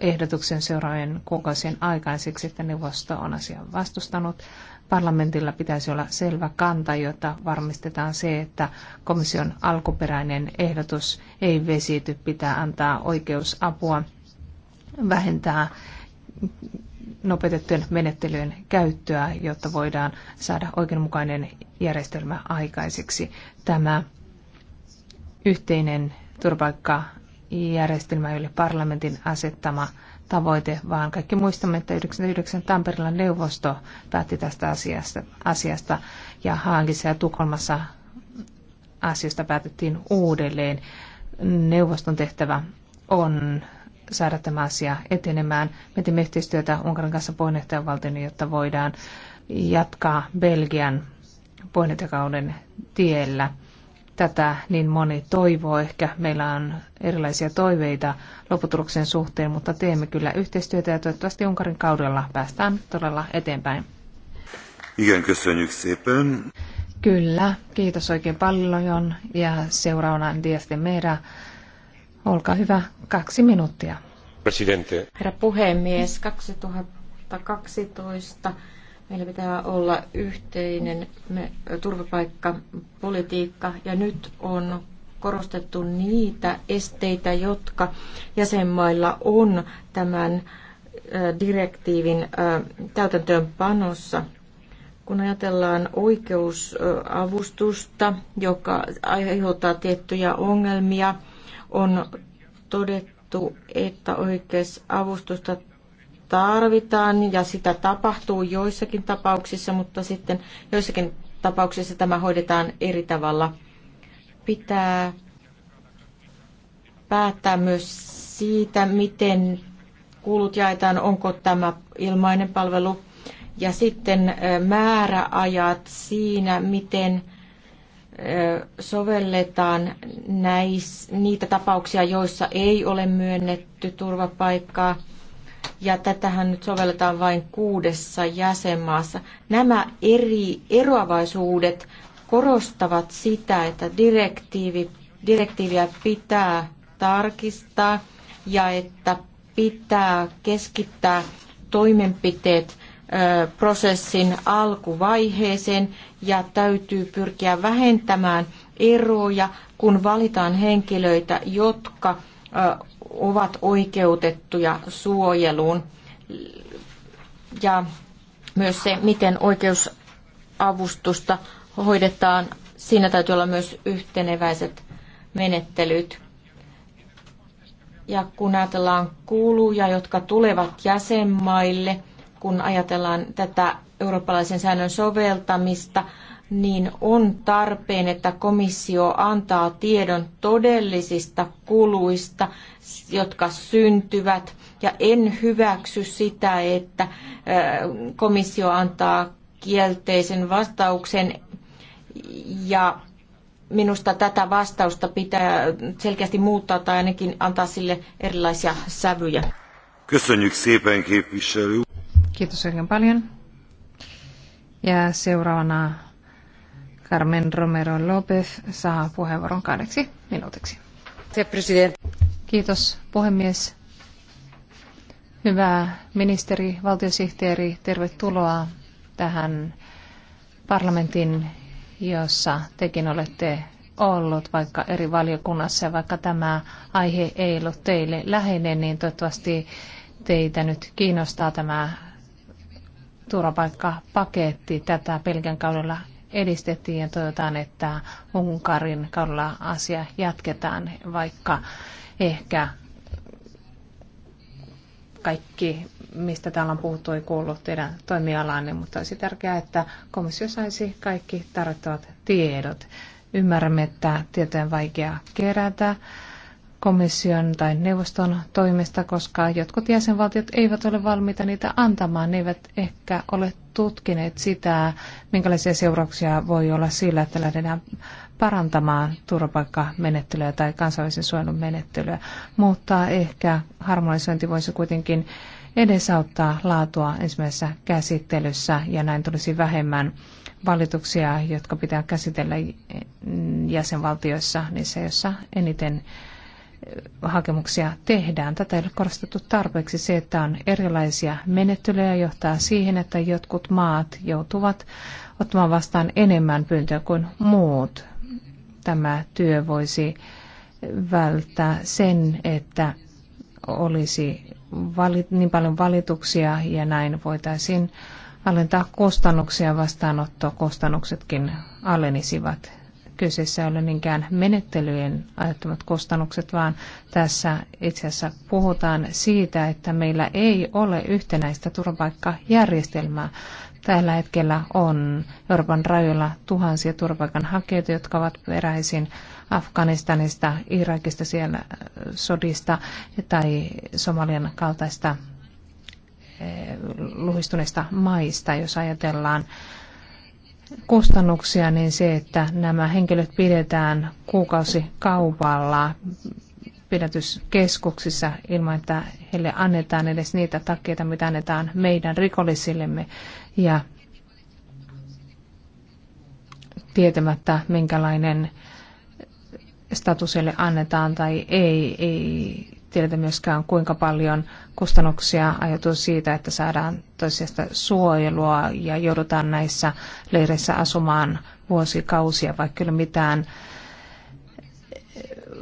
ehdotuksen seuraavien kuukausien aikaan siksi, että neuvosto on asian vastustanut. Parlamentilla pitäisi olla selvä kanta, jotta varmistetaan se, että komission alkuperäinen ehdotus ei vesity, pitää antaa oikeusapua vähentää nopeutettujen menettelyjen käyttöä, jotta voidaan saada oikeudenmukainen järjestelmä aikaiseksi. Tämä yhteinen turvapaikka järjestelmä ei ole parlamentin asettama tavoite, vaan kaikki muistamme, että 99 Tampereen neuvosto päätti tästä asiasta, asiasta ja Haagissa ja Tukholmassa asioista päätettiin uudelleen. Neuvoston tehtävä on saada tämä asia etenemään. Me teemme yhteistyötä Unkarin kanssa puheenjohtajavaltion, jotta voidaan jatkaa Belgian puheenjohtajakauden tiellä tätä niin moni toivoo. Ehkä meillä on erilaisia toiveita lopputuloksen suhteen, mutta teemme kyllä yhteistyötä ja toivottavasti Unkarin kaudella päästään todella eteenpäin. Igen, köszönjük szépen. Kyllä, kiitos oikein paljon ja seuraavana Dieste Meera. Olkaa hyvä, kaksi minuuttia. Presidente. Herra puhemies, 2012 Meillä pitää olla yhteinen turvapaikkapolitiikka ja nyt on korostettu niitä esteitä, jotka jäsenmailla on tämän direktiivin täytäntöönpanossa. Kun ajatellaan oikeusavustusta, joka aiheuttaa tiettyjä ongelmia, on todettu, että oikeusavustusta tarvitaan ja sitä tapahtuu joissakin tapauksissa, mutta sitten joissakin tapauksissa tämä hoidetaan eri tavalla. Pitää päättää myös siitä, miten kulut jaetaan, onko tämä ilmainen palvelu ja sitten määräajat siinä, miten sovelletaan näis, niitä tapauksia, joissa ei ole myönnetty turvapaikkaa ja tätähän nyt sovelletaan vain kuudessa jäsenmaassa. Nämä eri eroavaisuudet korostavat sitä, että direktiivi, direktiiviä pitää tarkistaa ja että pitää keskittää toimenpiteet prosessin alkuvaiheeseen ja täytyy pyrkiä vähentämään eroja, kun valitaan henkilöitä, jotka ovat oikeutettuja suojeluun. Ja myös se, miten oikeusavustusta hoidetaan, siinä täytyy olla myös yhteneväiset menettelyt. Ja kun ajatellaan kuluja, jotka tulevat jäsenmaille, kun ajatellaan tätä eurooppalaisen säännön soveltamista, niin on tarpeen, että komissio antaa tiedon todellisista kuluista, jotka syntyvät. Ja en hyväksy sitä, että komissio antaa kielteisen vastauksen ja minusta tätä vastausta pitää selkeästi muuttaa tai ainakin antaa sille erilaisia sävyjä. Kiitos oikein paljon. Ja seuraavana Carmen Romero López saa puheenvuoron kahdeksi minuutiksi. Kiitos puhemies. Hyvä ministeri, valtiosihteeri, tervetuloa tähän parlamentin, jossa tekin olette ollut vaikka eri valiokunnassa ja vaikka tämä aihe ei ollut teille läheinen, niin toivottavasti teitä nyt kiinnostaa tämä turvapaikkapaketti. Tätä pelkän kaudella edistettiin ja toivotaan, että Unkarin kaudella asia jatketaan, vaikka ehkä kaikki, mistä täällä on puhuttu, ei kuulu teidän toimialanne, mutta olisi tärkeää, että komissio saisi kaikki tarvittavat tiedot. Ymmärrämme, että tietojen vaikea kerätä komission tai neuvoston toimesta, koska jotkut jäsenvaltiot eivät ole valmiita niitä antamaan. Ne eivät ehkä ole tutkineet sitä, minkälaisia seurauksia voi olla sillä, että lähdetään parantamaan turvapaikkamenettelyä tai kansainvälisen suojelun menettelyä. Mutta ehkä harmonisointi voisi kuitenkin edesauttaa laatua ensimmäisessä käsittelyssä ja näin tulisi vähemmän valituksia, jotka pitää käsitellä jäsenvaltioissa, niissä joissa eniten hakemuksia tehdään. Tätä ei ole korostettu tarpeeksi. Se, että on erilaisia menettelyjä, johtaa siihen, että jotkut maat joutuvat ottamaan vastaan enemmän pyyntöjä kuin muut. Tämä työ voisi välttää sen, että olisi valit, niin paljon valituksia ja näin voitaisiin alentaa kustannuksia, vastaanottokustannuksetkin alenisivat kyseessä ei ole niinkään menettelyjen aiheuttamat kustannukset, vaan tässä itse asiassa puhutaan siitä, että meillä ei ole yhtenäistä turvapaikkajärjestelmää. Tällä hetkellä on Euroopan rajoilla tuhansia turvapaikanhakijoita, jotka ovat peräisin Afganistanista, Irakista, siellä äh, sodista tai Somalian kaltaista äh, luhistuneista maista, jos ajatellaan kustannuksia, niin se, että nämä henkilöt pidetään kuukausikaupalla pidätyskeskuksissa ilman, että heille annetaan edes niitä takkeita, mitä annetaan meidän rikollisillemme ja tietämättä minkälainen status heille annetaan tai ei, ei tiedetä myöskään, kuinka paljon kustannuksia aiheutuu siitä, että saadaan toisesta suojelua ja joudutaan näissä leireissä asumaan vuosikausia, vaikka kyllä mitään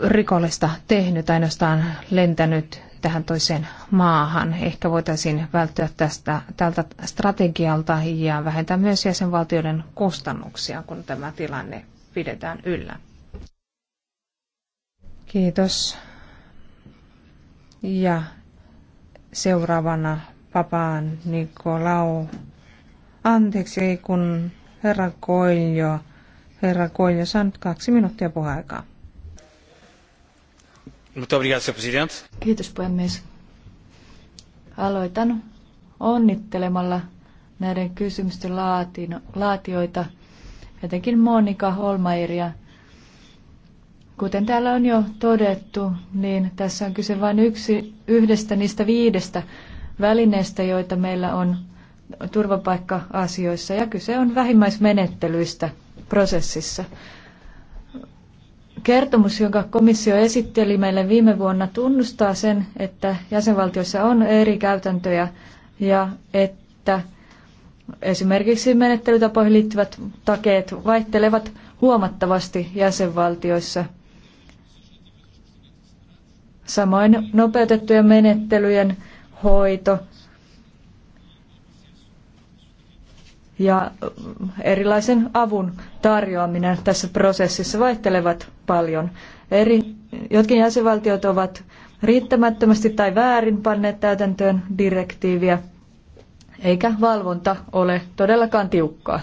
rikollista tehnyt, ainoastaan lentänyt tähän toiseen maahan. Ehkä voitaisiin välttyä tästä, tältä strategialta ja vähentää myös jäsenvaltioiden kustannuksia, kun tämä tilanne pidetään yllä. Kiitos. Ja seuraavana Papaan Nikolau. Anteeksi, ei kun herra Koiljo. Herra Koiljo, saan kaksi minuuttia puheaikaa. Kiitos puhemies. Aloitan onnittelemalla näiden kysymysten laatioita, etenkin Monika Holmairia Kuten täällä on jo todettu, niin tässä on kyse vain yksi, yhdestä niistä viidestä välineestä, joita meillä on turvapaikka-asioissa, ja kyse on vähimmäismenettelyistä prosessissa. Kertomus, jonka komissio esitteli meille viime vuonna, tunnustaa sen, että jäsenvaltioissa on eri käytäntöjä ja että esimerkiksi menettelytapoihin liittyvät takeet vaihtelevat huomattavasti jäsenvaltioissa – samoin nopeutettujen menettelyjen hoito ja erilaisen avun tarjoaminen tässä prosessissa vaihtelevat paljon. Eri, jotkin jäsenvaltiot ovat riittämättömästi tai väärin panneet täytäntöön direktiiviä, eikä valvonta ole todellakaan tiukkaa.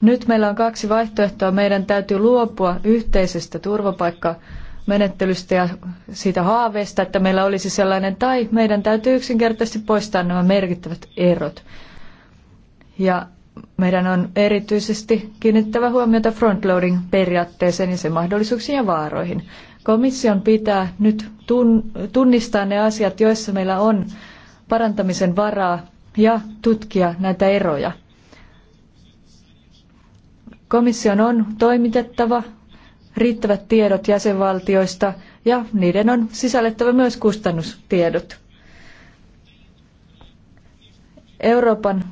Nyt meillä on kaksi vaihtoehtoa. Meidän täytyy luopua yhteisestä turvapaikka- menettelystä ja siitä haaveesta, että meillä olisi sellainen, tai meidän täytyy yksinkertaisesti poistaa nämä merkittävät erot. Ja meidän on erityisesti kiinnittävä huomiota frontloading-periaatteeseen ja sen mahdollisuuksiin ja vaaroihin. Komission pitää nyt tunnistaa ne asiat, joissa meillä on parantamisen varaa ja tutkia näitä eroja. Komission on toimitettava riittävät tiedot jäsenvaltioista ja niiden on sisällettävä myös kustannustiedot. Euroopan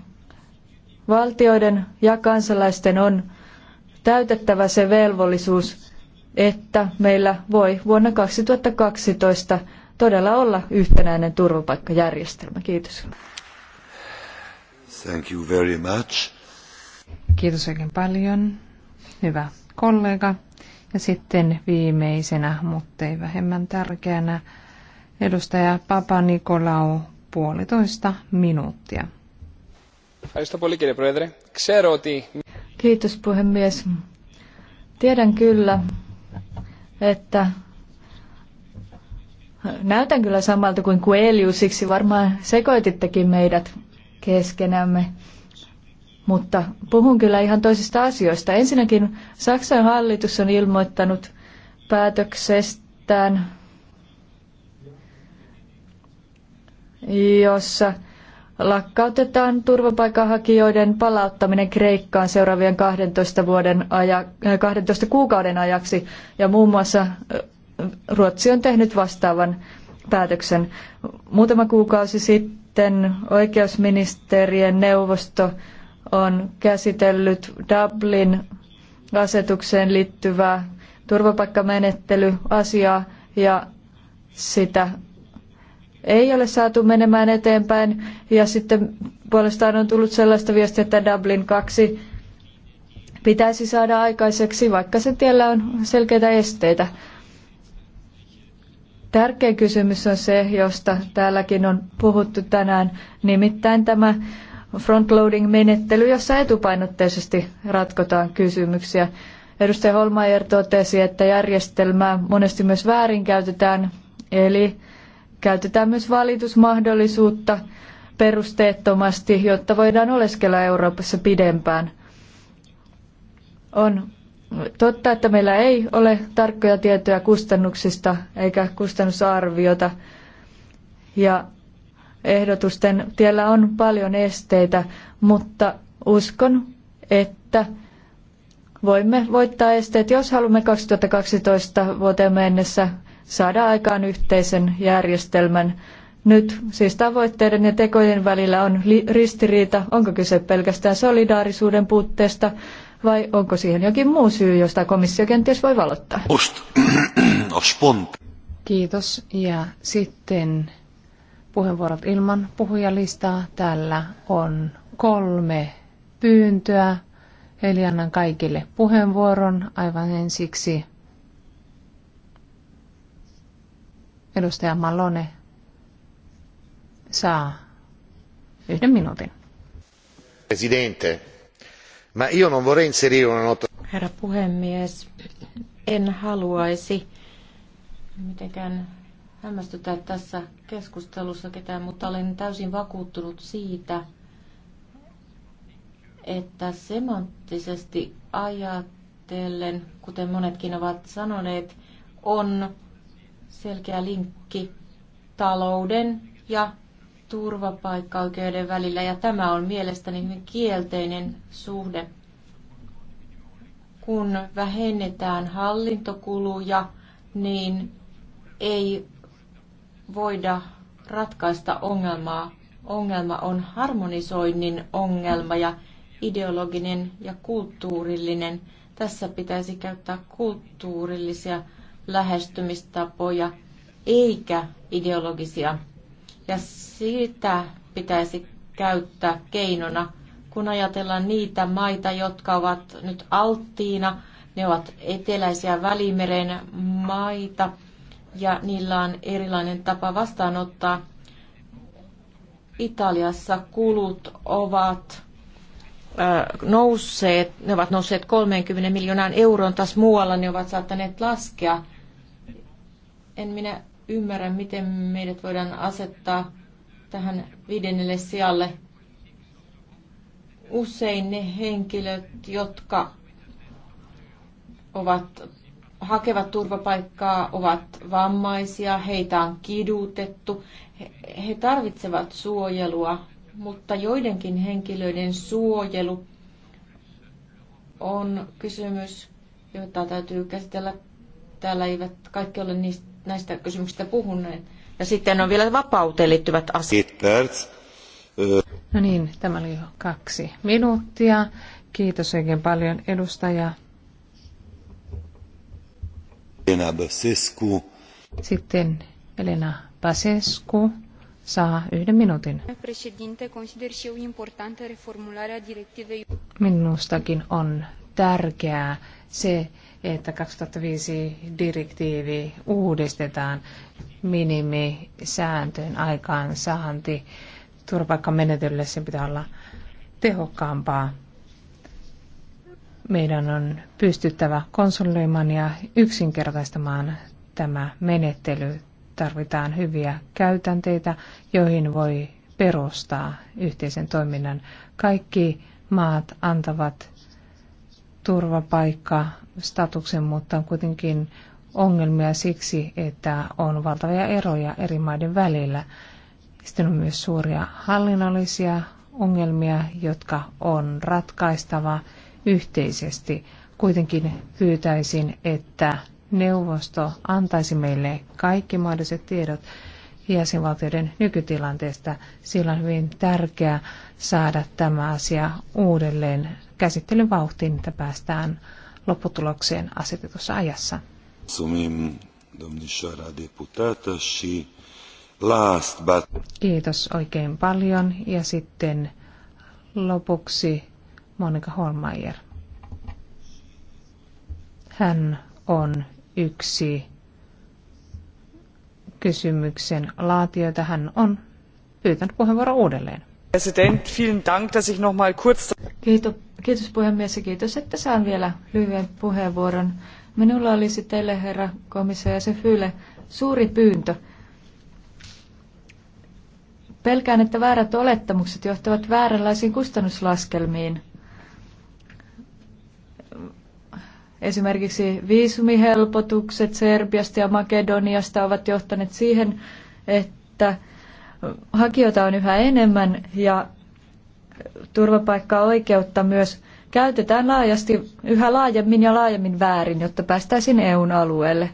valtioiden ja kansalaisten on täytettävä se velvollisuus, että meillä voi vuonna 2012 todella olla yhtenäinen turvapaikkajärjestelmä. Kiitos. Thank you very much. Kiitos oikein paljon. Hyvä kollega. Ja sitten viimeisenä, mutta ei vähemmän tärkeänä, edustaja Papa Nikolau puolitoista minuuttia. Kiitos puhemies. Tiedän kyllä, että näytän kyllä samalta kuin Coelho, siksi varmaan sekoitittekin meidät keskenämme mutta puhun kyllä ihan toisista asioista. Ensinnäkin Saksan hallitus on ilmoittanut päätöksestään, jossa lakkautetaan turvapaikanhakijoiden palauttaminen Kreikkaan seuraavien 12, vuoden aja, 12 kuukauden ajaksi ja muun muassa Ruotsi on tehnyt vastaavan päätöksen. Muutama kuukausi sitten oikeusministerien neuvosto on käsitellyt Dublin asetukseen liittyvää turvapaikkamenettelyasiaa ja sitä ei ole saatu menemään eteenpäin. Ja sitten puolestaan on tullut sellaista viestiä, että Dublin 2 pitäisi saada aikaiseksi, vaikka sen tiellä on selkeitä esteitä. Tärkeä kysymys on se, josta täälläkin on puhuttu tänään, nimittäin tämä frontloading-menettely, jossa etupainotteisesti ratkotaan kysymyksiä. Edustaja Holmaier totesi, että järjestelmää monesti myös väärinkäytetään, eli käytetään myös valitusmahdollisuutta perusteettomasti, jotta voidaan oleskella Euroopassa pidempään. On totta, että meillä ei ole tarkkoja tietoja kustannuksista eikä kustannusarviota. Ja ehdotusten tiellä on paljon esteitä, mutta uskon, että voimme voittaa esteet, jos haluamme 2012 vuoteen mennessä saada aikaan yhteisen järjestelmän. Nyt siis tavoitteiden ja tekojen välillä on ristiriita, onko kyse pelkästään solidaarisuuden puutteesta vai onko siihen jokin muu syy, josta komissio kenties voi valottaa. *clears throat* Kiitos. Ja sitten puheenvuorot ilman puhujalistaa. Täällä on kolme pyyntöä, eli annan kaikille puheenvuoron aivan ensiksi. Edustaja Malone saa yhden minuutin. Presidente, ma io non vorrei inserire una nota... Herra puhemies, en haluaisi mitenkään hämmästytä tässä keskustelussa ketään, mutta olen täysin vakuuttunut siitä, että semanttisesti ajatellen, kuten monetkin ovat sanoneet, on selkeä linkki talouden ja turvapaikkaoikeuden välillä, ja tämä on mielestäni hyvin kielteinen suhde. Kun vähennetään hallintokuluja, niin ei voida ratkaista ongelmaa. Ongelma on harmonisoinnin ongelma ja ideologinen ja kulttuurillinen. Tässä pitäisi käyttää kulttuurillisia lähestymistapoja eikä ideologisia. Ja sitä pitäisi käyttää keinona, kun ajatellaan niitä maita, jotka ovat nyt alttiina, ne ovat eteläisiä välimeren maita – ja niillä on erilainen tapa vastaanottaa. Italiassa kulut ovat nousseet, ne ovat nousseet 30 miljoonaan euroon, taas muualla ne ovat saattaneet laskea. En minä ymmärrä, miten meidät voidaan asettaa tähän viidennelle sijalle. Usein ne henkilöt, jotka ovat hakevat turvapaikkaa ovat vammaisia, heitä on kidutettu, he tarvitsevat suojelua, mutta joidenkin henkilöiden suojelu on kysymys, jota täytyy käsitellä. Täällä eivät kaikki ole niistä, näistä kysymyksistä puhuneet. Ja sitten on vielä vapauteen liittyvät asiat. No niin, tämä oli jo kaksi minuuttia. Kiitos oikein paljon edustaja Elena Basescu. Sitten Elena Basescu saa yhden minuutin. Minustakin on tärkeää se, että 2005 direktiivi uudistetaan minimisääntöjen aikaan saanti. Turvapaikkamenetelylle sen pitää olla tehokkaampaa meidän on pystyttävä konsoloimaan ja yksinkertaistamaan tämä menettely. Tarvitaan hyviä käytänteitä, joihin voi perustaa yhteisen toiminnan. Kaikki maat antavat turvapaikka statuksen, mutta on kuitenkin ongelmia siksi, että on valtavia eroja eri maiden välillä. Sitten on myös suuria hallinnollisia ongelmia, jotka on ratkaistava yhteisesti. Kuitenkin pyytäisin, että neuvosto antaisi meille kaikki mahdolliset tiedot jäsenvaltioiden nykytilanteesta. Sillä on hyvin tärkeää saada tämä asia uudelleen käsittelyn vauhtiin, että päästään lopputulokseen asetetussa ajassa. Kiitos oikein paljon ja sitten lopuksi Monika Holmeier. Hän on yksi kysymyksen laatijoita. Hän on pyytänyt puheenvuoro uudelleen. President, vielen Dank, dass ich noch mal kurz... Kiitos, kiitos puhemies ja kiitos, että saan vielä lyhyen puheenvuoron. Minulla olisi teille, herra komissaari Sefyle, suuri pyyntö. Pelkään, että väärät olettamukset johtavat vääränlaisiin kustannuslaskelmiin. Esimerkiksi viisumihelpotukset Serbiasta ja Makedoniasta ovat johtaneet siihen, että hakijoita on yhä enemmän ja turvapaikkaoikeutta myös käytetään laajasti, yhä laajemmin ja laajemmin väärin, jotta päästäisiin EUn alueelle.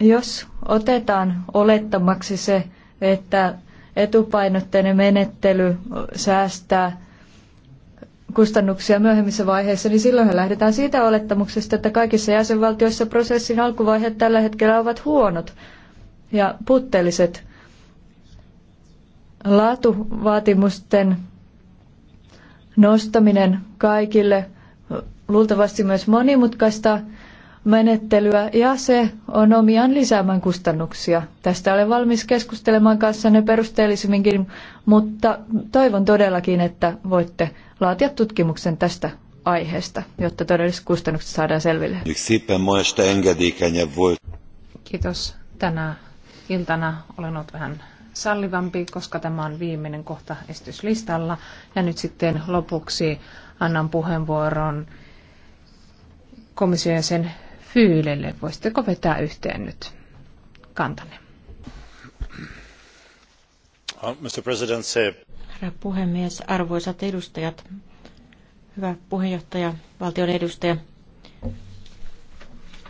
Jos otetaan olettamaksi se, että etupainotteinen menettely säästää kustannuksia myöhemmissä vaiheissa, niin silloinhan lähdetään siitä olettamuksesta, että kaikissa jäsenvaltioissa prosessin alkuvaiheet tällä hetkellä ovat huonot ja puutteelliset. Laatuvaatimusten nostaminen kaikille luultavasti myös monimutkaista menettelyä ja se on omiaan lisäämään kustannuksia. Tästä olen valmis keskustelemaan kanssanne perusteellisemminkin, mutta toivon todellakin, että voitte laatia tutkimuksen tästä aiheesta, jotta todelliset kustannukset saadaan selville. Kiitos. Tänä iltana olen ollut vähän sallivampi, koska tämä on viimeinen kohta esityslistalla. Ja nyt sitten lopuksi annan puheenvuoron komission sen Fyylelle. Voisitteko vetää yhteen nyt kantanne? Uh, Mr. President, se Herra puhemies, arvoisat edustajat, hyvä puheenjohtaja, valtion edustaja.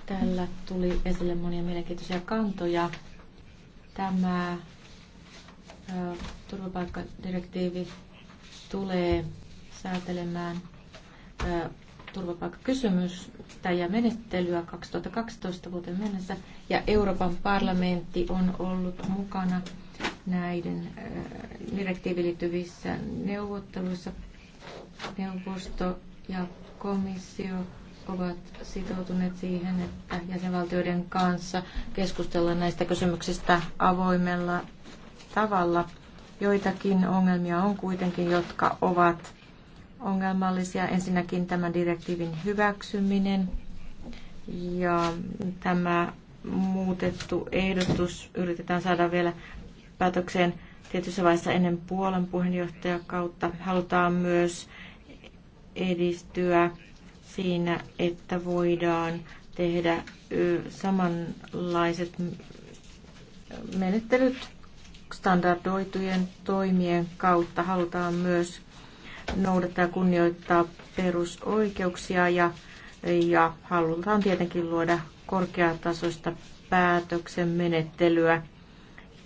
Täällä tuli esille monia mielenkiintoisia kantoja. Tämä turvapaikkadirektiivi tulee säätelemään turvapaikkakysymystä ja menettelyä 2012 vuoteen mennessä. Ja Euroopan parlamentti on ollut mukana näiden äh, direktiiviin liittyvissä neuvotteluissa. Neuvosto ja komissio ovat sitoutuneet siihen, että jäsenvaltioiden kanssa keskustellaan näistä kysymyksistä avoimella tavalla. Joitakin ongelmia on kuitenkin, jotka ovat ongelmallisia. Ensinnäkin tämän direktiivin hyväksyminen ja tämä muutettu ehdotus yritetään saada vielä päätökseen tietyssä vaiheessa ennen Puolan puheenjohtajakautta. Halutaan myös edistyä siinä, että voidaan tehdä samanlaiset menettelyt standardoitujen toimien kautta. Halutaan myös noudattaa ja kunnioittaa perusoikeuksia ja, ja halutaan tietenkin luoda korkeatasoista päätöksen menettelyä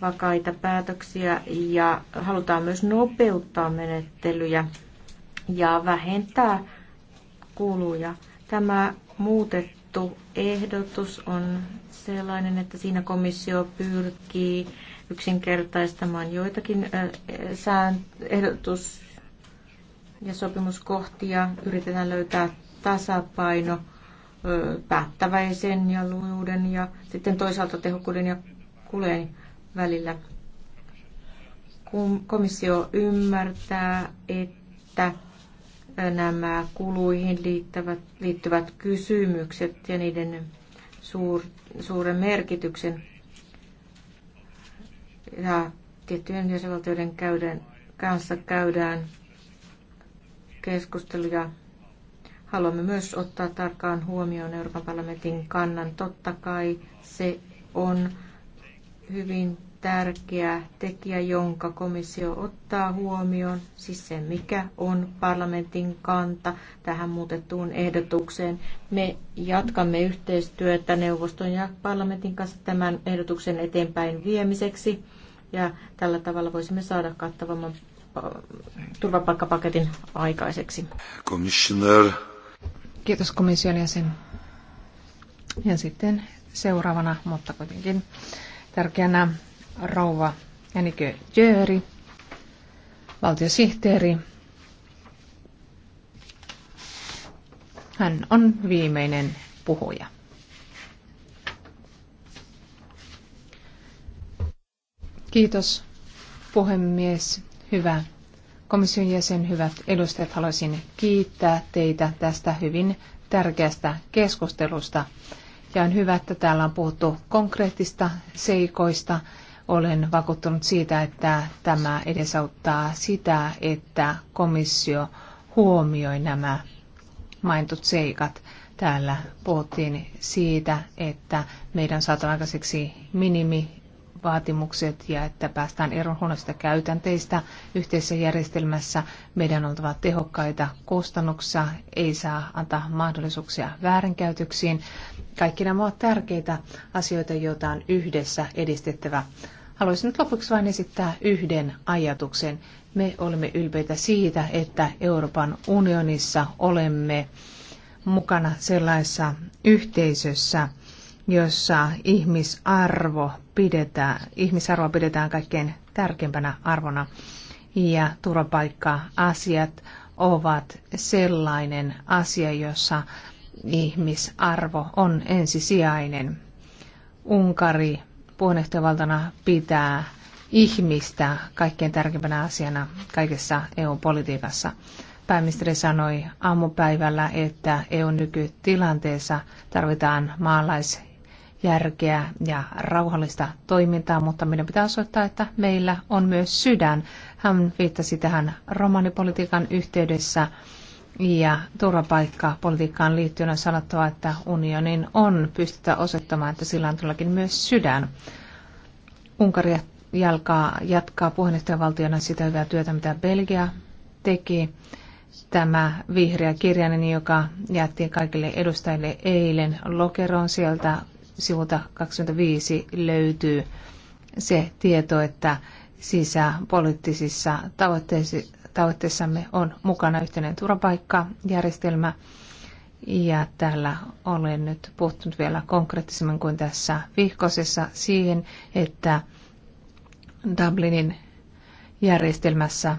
vakaita päätöksiä ja halutaan myös nopeuttaa menettelyjä ja vähentää kuluja. Tämä muutettu ehdotus on sellainen, että siinä komissio pyrkii yksinkertaistamaan joitakin ehdotus- ja sopimuskohtia. Yritetään löytää tasapaino päättäväisen ja lujuuden ja sitten toisaalta tehokkuuden ja kuleen välillä. Komissio ymmärtää, että nämä kuluihin liittyvät, liittyvät kysymykset ja niiden suur, suuren merkityksen ja tiettyjen jäsenvaltioiden käydään, kanssa käydään keskusteluja. Haluamme myös ottaa tarkkaan huomioon Euroopan parlamentin kannan. Totta kai se on hyvin tärkeä tekijä, jonka komissio ottaa huomioon, siis se mikä on parlamentin kanta tähän muutettuun ehdotukseen. Me jatkamme yhteistyötä neuvoston ja parlamentin kanssa tämän ehdotuksen eteenpäin viemiseksi ja tällä tavalla voisimme saada kattavamman äh, turvapaikkapaketin aikaiseksi. Commissioner. Kiitos komission jäsen. Ja sitten seuraavana, mutta kuitenkin tärkeänä rouva Jänikö Jööri, valtiosihteeri. Hän on viimeinen puhuja. Kiitos puhemies, hyvä komission jäsen, hyvät edustajat. Haluaisin kiittää teitä tästä hyvin tärkeästä keskustelusta. Ja on hyvä, että täällä on puhuttu konkreettista seikoista. Olen vakuuttunut siitä, että tämä edesauttaa sitä, että komissio huomioi nämä mainitut seikat. Täällä puhuttiin siitä, että meidän saatava aikaiseksi minimi vaatimukset ja että päästään eroon huonoista käytänteistä yhteisessä järjestelmässä. Meidän on oltava tehokkaita kustannuksia, ei saa antaa mahdollisuuksia väärinkäytöksiin. Kaikki nämä ovat tärkeitä asioita, joita on yhdessä edistettävä. Haluaisin nyt lopuksi vain esittää yhden ajatuksen. Me olemme ylpeitä siitä, että Euroopan unionissa olemme mukana sellaisessa yhteisössä, jossa ihmisarvo pidetään, ihmisarvo pidetään kaikkein tärkeimpänä arvona ja turvapaikka-asiat ovat sellainen asia, jossa ihmisarvo on ensisijainen. Unkari puheenjohtajavaltana pitää ihmistä kaikkein tärkeimpänä asiana kaikessa EU-politiikassa. Pääministeri sanoi aamupäivällä, että EU-nykytilanteessa tarvitaan maalais- järkeä ja rauhallista toimintaa, mutta meidän pitää osoittaa, että meillä on myös sydän. Hän viittasi tähän romanipolitiikan yhteydessä ja turvapaikkapolitiikkaan liittyen on sanottava, että unionin on pystytä osoittamaan, että sillä on todellakin myös sydän. Unkari jalkaa, jatkaa puheenjohtajavaltiona sitä hyvää työtä, mitä Belgia teki. Tämä vihreä kirjainen, joka jättiin kaikille edustajille eilen lokeroon sieltä sivulta 25 löytyy se tieto, että sisäpoliittisissa tavoitteissamme on mukana yhteinen turvapaikkajärjestelmä. Ja täällä olen nyt puhuttunut vielä konkreettisemmin kuin tässä vihkosessa siihen, että Dublinin järjestelmässä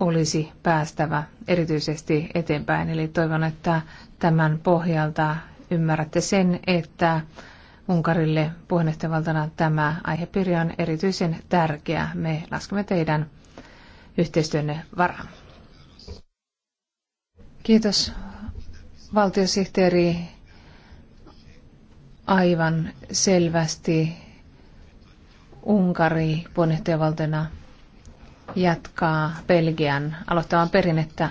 olisi päästävä erityisesti eteenpäin. Eli toivon, että tämän pohjalta ymmärrätte sen, että Unkarille puheenjohtajavaltana tämä aihepiiri on erityisen tärkeä. Me laskemme teidän yhteistyönne varaan. Kiitos valtiosihteeri aivan selvästi Unkari puheenjohtajavaltana jatkaa Belgian aloittavan perinnettä